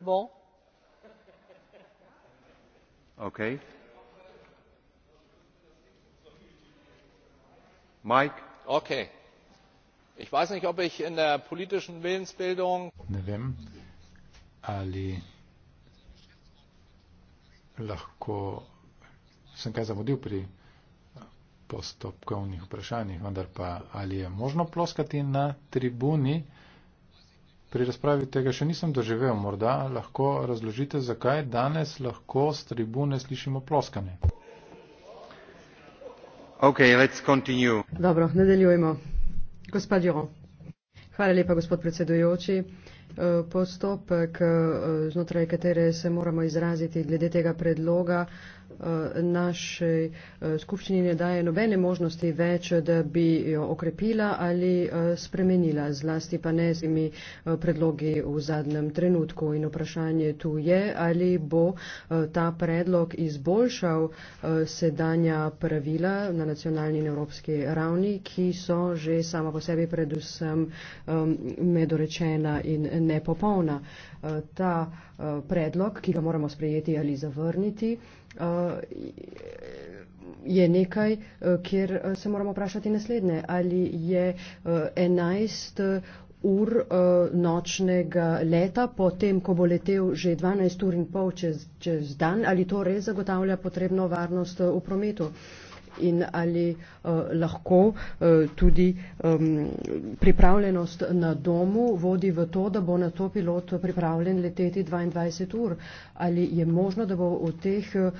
Bon. Okay. Mike. Okay. Ich weiß nicht, ob ich in der politischen Willensbildung. Ne vem, ali lahko sem kaj zamudil pri postopkovnih vprašanjih, vendar pa ali je možno ploskati na tribuni. Pri razpravi tega še nisem doživel, morda lahko razložite, zakaj danes lahko z tribune slišimo ploskanje. Okay, let's continue. Dobro, nadaljujemo. Gospod Jo. Hvala lepa, gospod predsedujoči. Eh, postopek, eh, znotraj katere se moramo izraziti glede tega predloga, Eh, naši eh, skupščini ne daje nobene možnosti več, da bi jo okrepila ali eh, spremenila, zlasti pa ne z imi predlogi v zadnjem trenutku. In vprašanje tu je, ali bo ta predlog izboljšal sedanja pravila na nacionalni in evropski ravni, ki so že sama po sebi predvsem medorečena in nepopolna. Ta predlog, ki ga moramo sprejeti ali zavrniti, Eh, je nekaj, eh, kjer eh, se moramo vprašati naslednje. Ali je 11 ur nočnega leta, potem, ko bo letel že 12 ur in pol čez, čez dan, ali to res zagotavlja potrebno varnost v prometu? Uh, in ali uh, lahko uh, tudi um, pripravljenost na domu vodi v to, da bo na to pilot pripravljen leteti 22 ur. Ali je možno, da bo v teh uh,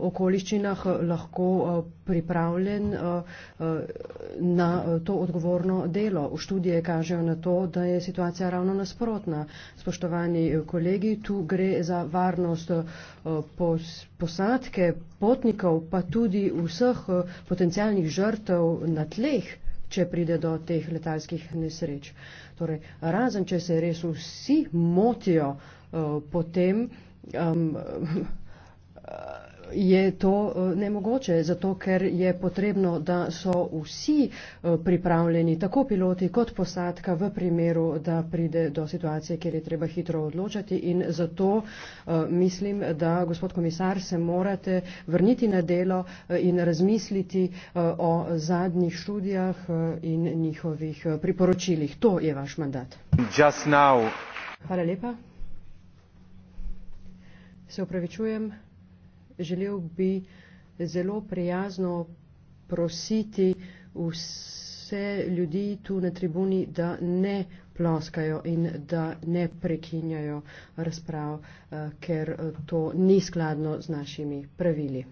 okoliščinah lahko uh, pripravljen uh, uh, na to odgovorno delo. V študije kažejo na to, da je situacija ravno nasprotna. Spoštovani kolegi, tu gre za varnost. Uh, posadke, potnikov, pa tudi vseh eh, potencijalnih žrtev na tleh, če pride do teh letalskih nesreč. Torej, razen, če se res vsi motijo eh, potem. Um, je to eh, nemogoče, zato ker je potrebno, da so vsi eh, pripravljeni, tako piloti kot posadka, v primeru, da pride do situacije, kjer je treba hitro odločati. In zato eh, mislim, da, gospod komisar, se morate vrniti na delo in razmisliti o zadnjih študijah in njihovih priporočilih. To je vaš mandat. Hvala lepa. Se upravičujem želel bi zelo prijazno prositi vse ljudi tu na tribuni, da ne ploskajo in da ne prekinjajo razprav, eh, ker eh, to ni skladno z našimi pravili.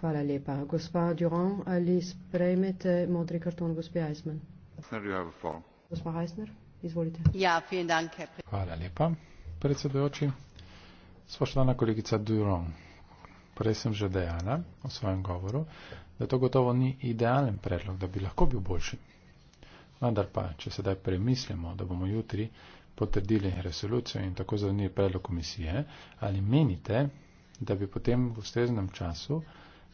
Hvala lepa. Gospa Durand, ali sprejmete modri karton gospe Eisman? Gospa Eisner, izvolite. Ja, dan, Hvala lepa, predsedujoči. Spoštovana kolegica Durand prej sem že dejala v svojem govoru, da to gotovo ni idealen predlog, da bi lahko bil boljši. Vendar pa, če sedaj premislimo, da bomo jutri potrdili resolucijo in tako zavrnili predlog komisije, ali menite, da bi potem v ustreznem času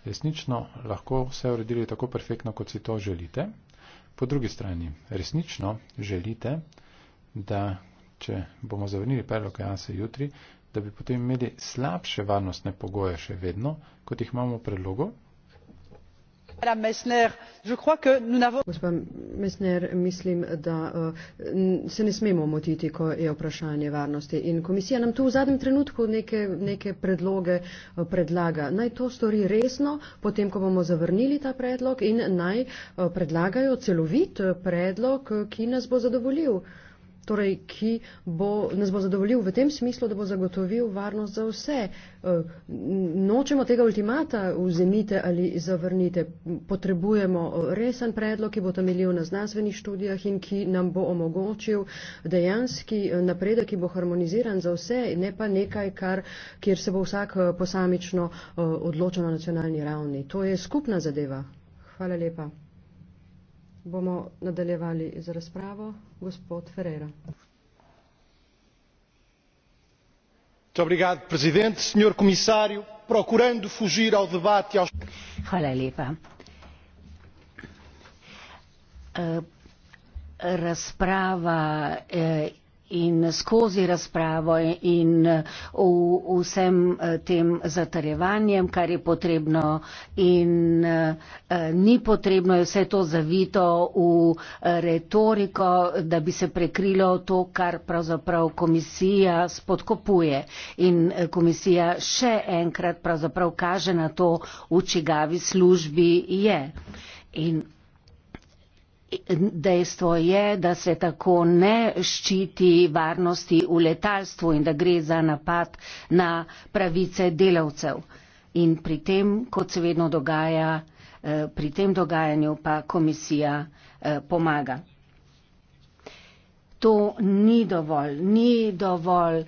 resnično lahko vse uredili tako perfektno, kot si to želite? Po drugi strani, resnično želite, da če bomo zavrnili predlog JASE jutri, da bi potem imeli slabše varnostne pogoje še vedno, kot jih imamo v predlogu? Gospa Mesner, mislim, da eh, se ne smemo motiti, ko je vprašanje varnosti. In komisija nam tu v zadnjem trenutku neke, neke predloge eh, predlaga. Naj to stori resno, potem, ko bomo zavrnili ta predlog in naj eh, predlagajo celovit predlog, ki nas bo zadovoljil torej, ki bo, nas bo zadovoljil v tem smislu, da bo zagotovil varnost za vse. Eh, nočemo tega ultimata vzemite ali zavrnite. Potrebujemo eh, resen predlog, ki bo temeljil na znanstvenih študijah in ki nam bo omogočil dejanski eh, napredek, ki bo harmoniziran za vse, ne pa nekaj, kar, kjer se bo vsak posamično odločil na nacionalni ravni. To je skupna zadeva. Hvala lepa. Bomo nadaljevali z razpravo. Gospod Ferreira. Obrigado, presidente. Senhor comissário, procurando fugir ao debate... E Aos... Hvala lepa. Uh, razprava uh, in skozi razpravo in v, vsem eh, tem zatarjevanjem, kar je potrebno in uh, ni potrebno, je vse to zavito v eh, retoriko, da bi se prekrilo to, kar pravzaprav komisija spodkopuje. In komisija še enkrat pravzaprav kaže na to, v čigavi službi je. In Dejstvo je, da se tako ne ščiti varnosti v letalstvu in da gre za napad na pravice delavcev. In pri tem, kot se vedno dogaja, eh, pri tem dogajanju pa komisija eh, pomaga. To ni dovolj, ni dovolj,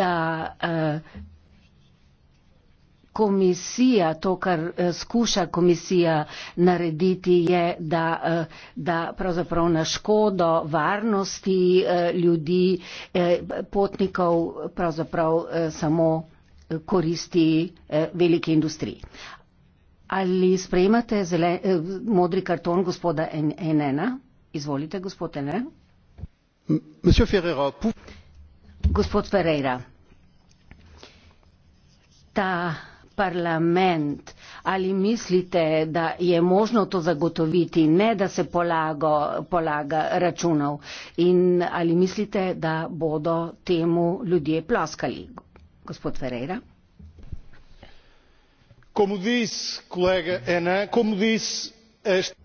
da eh, komisija, to, kar uh, skuša komisija narediti, je, da, uh, da pravzaprav na škodo varnosti uh, ljudi, eh, potnikov, pravzaprav eh, samo koristi eh, velike industrije. Ali sprejmate zelen, eh, modri karton gospoda NN? Izvolite, gospod NN. Gospod Ferreira, ta parlament. Ali mislite, da je možno to zagotoviti, ne da se polago, polaga računov? In ali mislite, da bodo temu ljudje ploskali? Gospod Ferreira. Como disse, colega Ana, como disse, esta.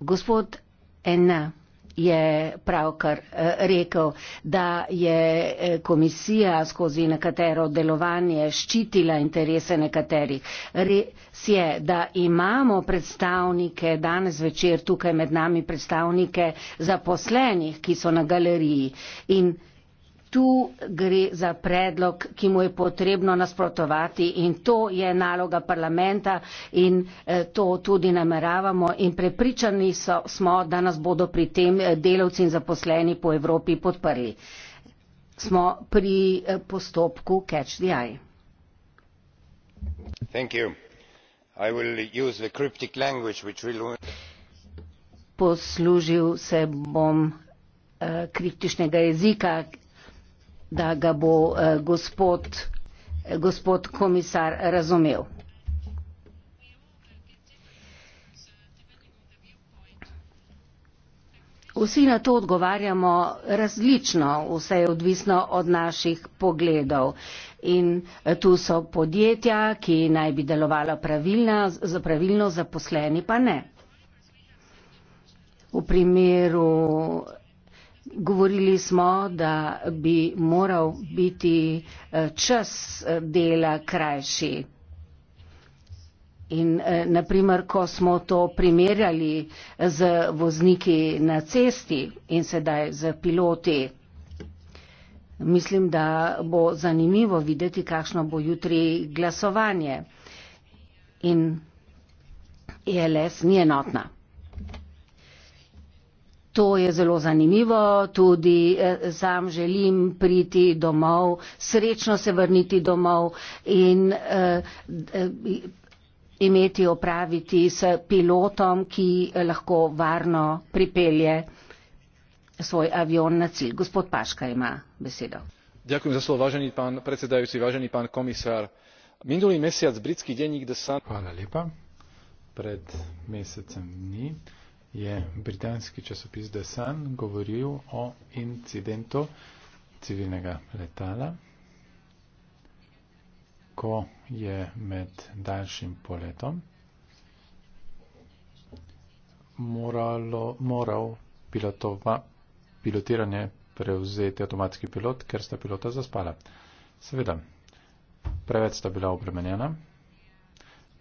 Gospod Ana je pravkar eh, rekel, da je eh, komisija skozi nekatero delovanje ščitila interese nekaterih. Res je, da imamo predstavnike danes večer tukaj med nami predstavnike zaposlenih, ki so na galeriji in predstavnike tu gre za predlog, ki mu je potrebno nasprotovati in to je naloga parlamenta in eh, to tudi nameravamo in prepričani so, smo, da nas bodo pri tem eh, delavci in zaposleni po Evropi podprli. Smo pri eh, postopku Catch the Eye. Thank you. I will use the cryptic language which will... Poslužil se bom uh, kriptičnega jezika, da ga bo eh, gospod, eh, gospod komisar razumel. Vsi na to odgovarjamo različno, vse je odvisno od naših pogledov. In eh, tu so podjetja, ki naj bi delovala pravilno, za pravilno zaposleni pa ne. V primeru Govorili smo, da bi moral biti eh, čas eh, dela krajši. In eh, naprimer, ko smo to primerjali z vozniki na cesti in sedaj z piloti, mislim, da bo zanimivo videti, kakšno bo jutri glasovanje. In ELS ni enotna. To je zelo zanimivo, tudi eh, sam želim priti domov, srečno se vrniti domov in eh, eh, imeti opraviti s pilotom, ki lahko varno pripelje svoj avion na cilj. Gospod Paška ima besedo. Ďakujem za slovo, vážený pán predsedajúci, vážený pán komisár. Minulý mesiac britský denník The Sun... Hvala lepa. Pred mesecem dní je britanski časopis The Sun govoril o incidentu civilnega letala, ko je med daljšim poletom moralo, moral pilotova, pilotiranje prevzeti avtomatski pilot, ker sta pilota zaspala. Seveda, preveč sta bila obremenjena,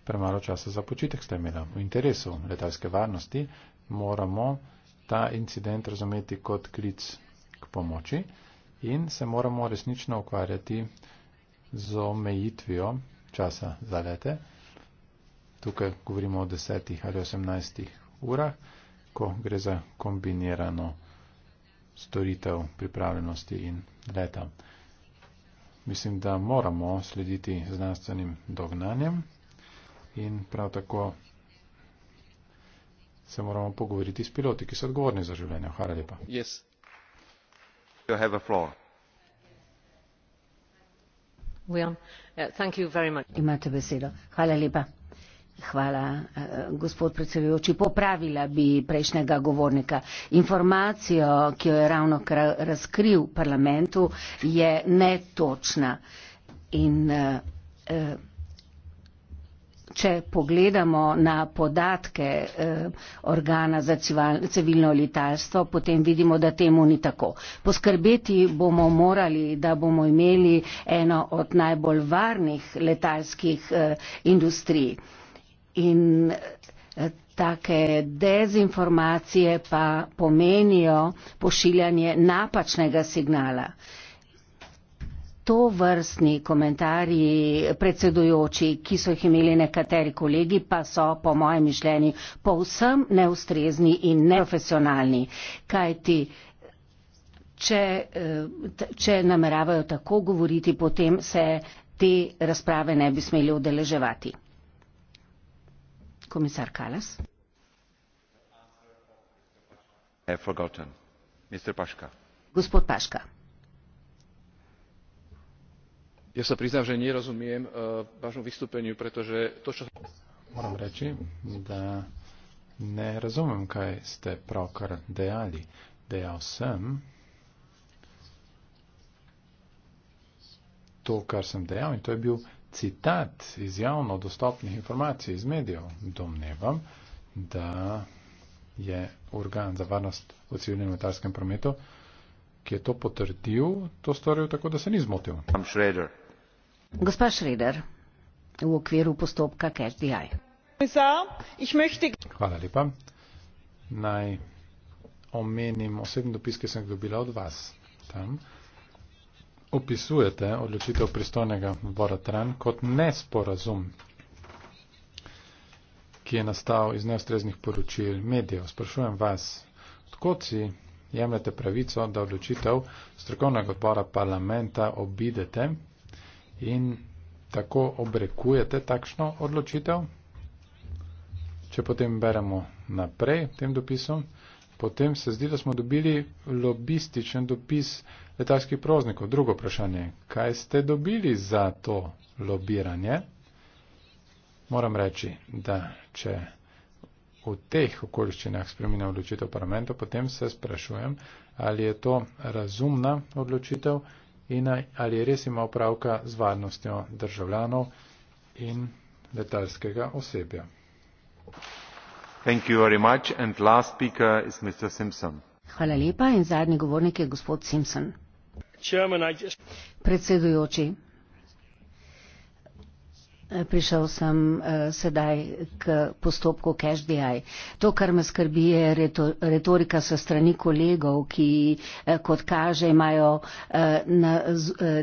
premalo časa za počitek sta imela. V interesu letalske varnosti moramo ta incident razumeti kot klic k pomoči in se moramo resnično ukvarjati z omejitvijo časa za lete. Tukaj govorimo o 10 ali 18 urah, ko gre za kombinirano storitev pripravljenosti in leta. Mislim, da moramo slediti znanstvenim dognanjem in prav tako se moramo pogovoriti s piloti, ki so odgovorni za življenje. Hvala lepa. Yes. Uh, Imate besedo. Hvala lepa. Hvala, uh, gospod predsedujoči. Popravila bi prejšnjega govornika. Informacijo, ki jo je ravno razkril parlamentu, je netočna. In, uh, uh, če pogledamo na podatke eh, organa za civilno letalstvo, potem vidimo, da temu ni tako. Poskrbeti bomo morali, da bomo imeli eno od najbolj varnih letalskih eh, industrij. In eh, Take dezinformacije pa pomenijo pošiljanje napačnega signala. Eh, to vrstni komentarji predsedujoči, ki so jih imeli nekateri kolegi, pa so po mojem mišljenju povsem neustrezni in neprofesionalni. Kaj ti, če, eh, če nameravajo tako govoriti, potem se te razprave ne bi smeli udeleževati. Komisar Kalas. Eh, Gospod Paška ja sa priznám že nerozumiem eh, vášmu vystúpeniu pretože to čo moram reči da ne razumem kaj ste pravkar dejali dejal sem to kar sem dejal in to je bil citat iz javno dostopnih informacij iz medijev domnevam da je organ za varnost v civilnem letalskem prometu ki je to potrdil to storil tako da se ni zmotil Gospa Šreder, v okviru postopka CashDI. Hvala lepa. Naj omenim osebni dopis, ki sem ga dobila od vas. Tam opisujete odločitev pristojnega odbora Tran kot nesporazum, ki je nastal iz neustreznih poročil medijev. Sprašujem vas, odkot si jemljete pravico, da odločitev strokovnega odbora parlamenta obidete in tako obrekujete takšno odločitev. Če potem beremo naprej v tem dopisu, potem se zdi, da smo dobili lobističen dopis letalskih proznikov. Drugo vprašanje, kaj ste dobili za to lobiranje? Moram reči, da če v teh okoliščinah spremenja odločitev parlamenta, potem se sprašujem, ali je to razumna odločitev in ali res ima opravka z varnostjo državljanov in letalskega osebja. Hvala lepa in zadnji govornik je gospod Simpson. Predsedujoči, Prišel sem eh, sedaj k postopku CashDI. To, kar me skrbi, je retorika se strani kolegov, ki eh, kot kaže imajo eh,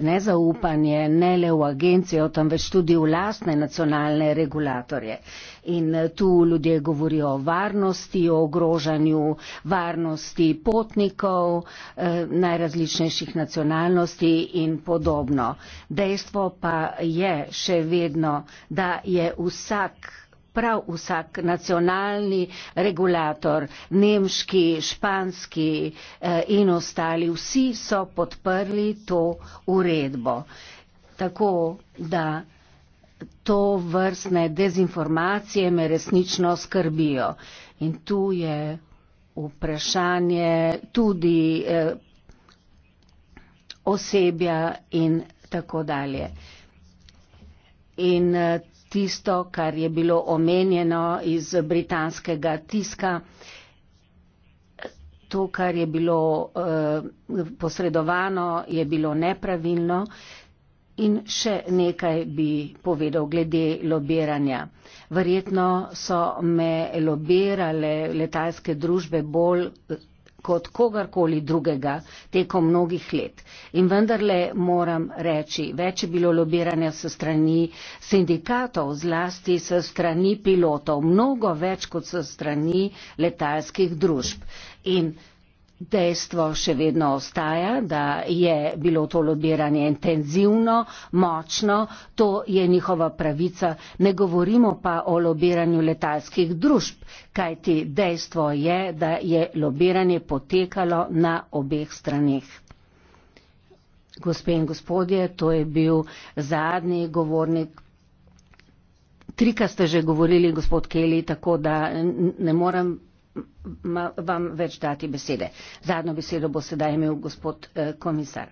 nezaupanje ne le v agencijo, temveč tudi v lastne nacionalne regulatorje. In tu ljudje govorijo o varnosti, o ogrožanju varnosti potnikov, najrazličnejših nacionalnosti in podobno. Dejstvo pa je še vedno da je vsak, prav vsak nacionalni regulator, nemški, španski eh, in ostali, vsi so podprli to uredbo. Tako da to vrstne dezinformacije me resnično skrbijo. In tu je vprašanje tudi eh, osebja in tako dalje in eh, tisto, kar je bilo omenjeno iz britanskega tiska, to, kar je bilo eh, posredovano, je bilo nepravilno. In še nekaj bi povedal glede lobiranja. Verjetno so me lobirale letalske družbe bolj kot kogarkoli drugega tekom mnogih let. In vendarle moram reči, več je bilo lobiranja s strani sindikatov, zlasti s strani pilotov, mnogo več kot s strani letalskih družb. In Dejstvo še vedno ostaja, da je bilo to lobiranje intenzivno, močno, to je njihova pravica, ne govorimo pa o lobiranju letalskih družb, kajti dejstvo je, da je lobiranje potekalo na obeh stranih. Gospe in gospodje, to je bil zadnji govornik. Trika ste že govorili, gospod Keli, tako da ne morem vam več dati besede. Zadnjo besedo bo sedaj imel gospod eh, komisar.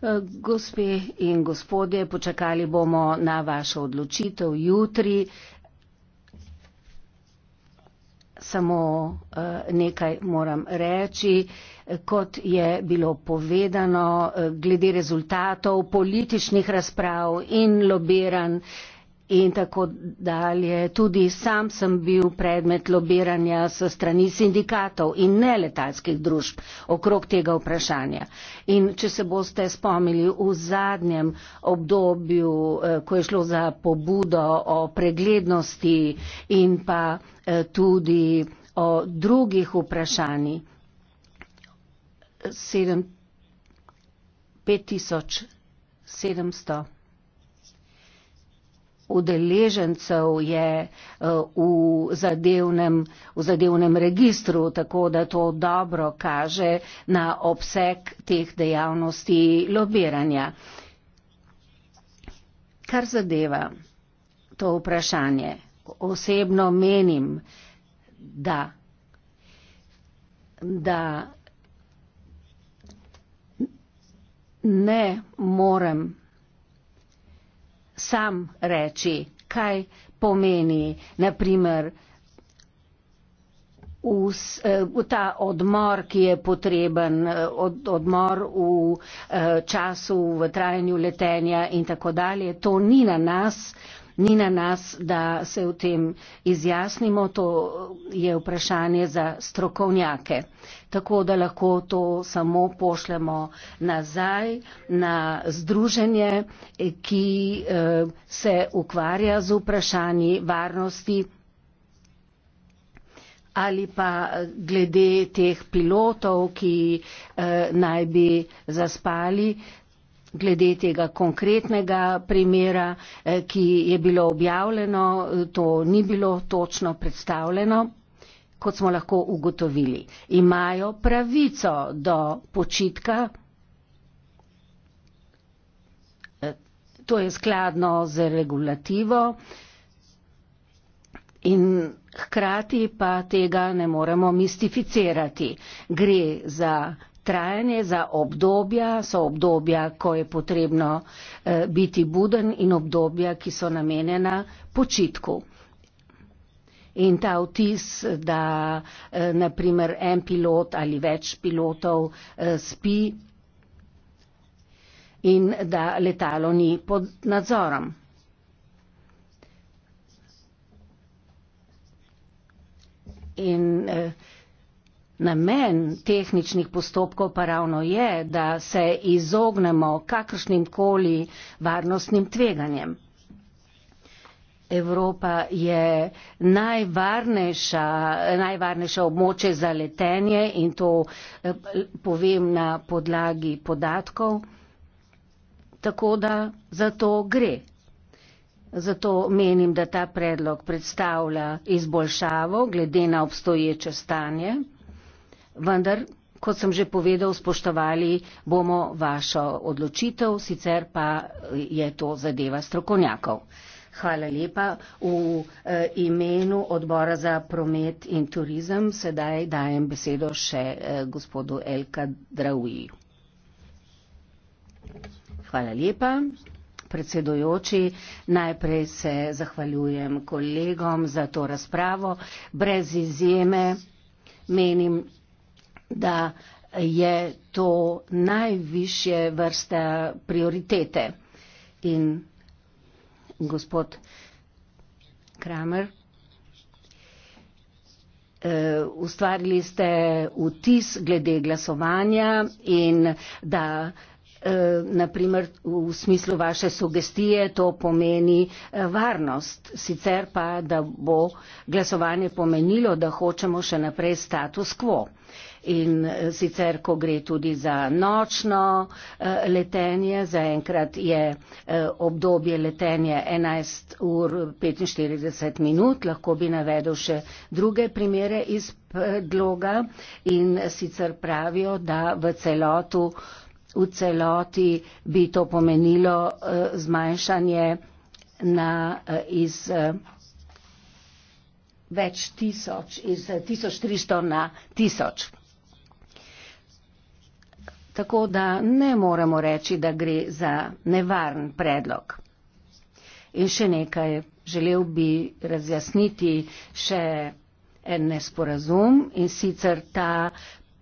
Eh, gospe in gospode, počakali bomo na vašo odločitev jutri. Samo eh, nekaj moram reči. Kot je bilo povedano, glede rezultatov političnih razprav in lobiranj, in tako dalje. Tudi sam sem bil predmet lobiranja s strani sindikatov in ne letalskih družb okrog tega vprašanja. In če se boste spomnili v zadnjem obdobju, eh, ko je šlo za pobudo o preglednosti in pa eh, tudi o drugih vprašanji, 7700 udeležencev je eh, v zadevnem, v zadevnem registru, tako da to dobro kaže na obseg teh dejavnosti lobiranja. Kar zadeva to vprašanje, osebno menim, da, da ne morem sam reči, kaj pomeni naprimer vs, eh, ta odmor, ki je potreben, eh, od, odmor v eh, času, v trajanju letenja in tako dalje. To ni na nas, ni na nas, da se o tem izjasnimo, to je vprašanje za strokovnjake. Tako da lahko to samo pošljemo nazaj na združenje, ki eh, se ukvarja z vprašanji varnosti ali pa glede teh pilotov, ki eh, naj bi zaspali, glede tega konkretnega primera, eh, ki je bilo objavljeno, eh, to ni bilo točno predstavljeno. Kot smo lahko ugotovili, imajo pravico do počitka. Eh, to je skladno z regulativo in hkrati pa tega ne moremo mistificirati. Gre za trajanje, za obdobja, so obdobja, ko je potrebno eh, biti buden in obdobja, ki so namenjena počitku. In ta vtis, da eh, naprimer en pilot ali več pilotov eh, spi in da letalo ni pod nadzorom. In eh, Namen tehničnih postopkov pa ravno je, da se izognemo kakršnim koli varnostnim tveganjem. Evropa je najvarnejša območje za letenje in to eh, povem na podlagi podatkov, tako da za to gre. Zato menim, da ta predlog predstavlja izboljšavo glede na obstoječe stanje vendar, kot sem že povedal, spoštovali bomo vašo odločitev, sicer pa je to zadeva strokovnjakov. Hvala lepa. V eh, imenu odbora za promet in turizem sedaj dajem besedo še eh, gospodu Elka Drauji. Hvala lepa. Predsedojoči, najprej se zahvaljujem kolegom za to razpravo. Brez izjeme menim, da je to najvišje vrste prioritete. In gospod Kramer, eh, ustvarili ste vtis glede glasovanja in da eh, naprimer v smislu vaše sugestije to pomeni eh, varnost. Sicer pa, da bo glasovanje pomenilo, da hočemo še naprej status quo in eh, sicer, ko gre tudi za nočno eh, letenje, zaenkrat je eh, obdobje letenja 11 ur 45 minut, lahko bi navedel še druge primere iz predloga in sicer pravijo, da v celotu, v celoti bi to pomenilo zmanjšanje na iz več tisoč, iz 1300 na tisoč tako da ne moremo reči, da gre za nevaren predlog. In še nekaj, želel bi razjasniti še en nesporazum in sicer ta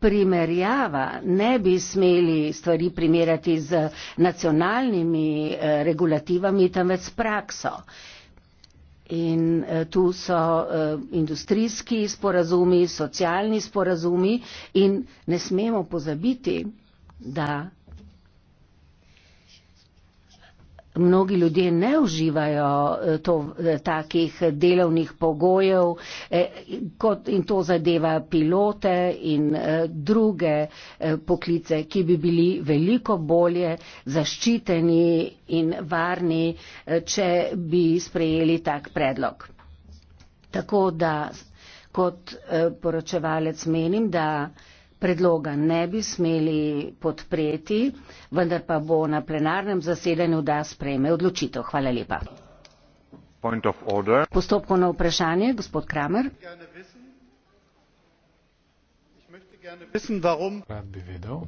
primerjava ne bi smeli stvari primerjati z nacionalnimi eh, regulativami, temveč s prakso. In eh, tu so eh, industrijski sporazumi, socialni sporazumi in ne smemo pozabiti, da mnogi ljudje ne uživajo eh, to, eh, takih delovnih pogojev eh, kot, in to zadeva pilote in druge poklice, ki bi bili veliko bolje zaščiteni in varni, če bi sprejeli tak predlog. Tako da kot poročevalec menim, da predloga ne bi smeli podpreti, vendar pa bo na plenarnem zasedanju da sprejme odločitev. Hvala lepa. Postopko na vprašanje, gospod Kramer. Rad bi vedel,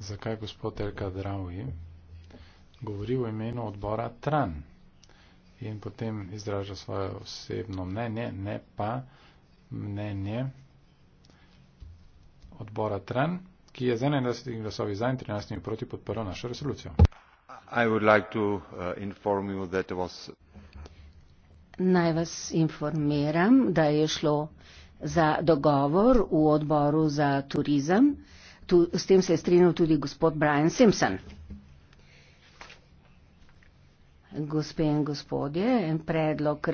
zakaj gospod Elka Dravi govori v imenu odbora Tran in potem izraža svoje osebno mnenje, ne pa mnenje odbora TREN, ki je z 21 glasovi za in 13 proti podprl našo resolucijo. Like to, uh, was... Naj vas informiram, da je šlo za dogovor v odboru za turizem. Tu, s tem se je strinil tudi gospod Brian Simpson. Gospe in gospodje, predlog.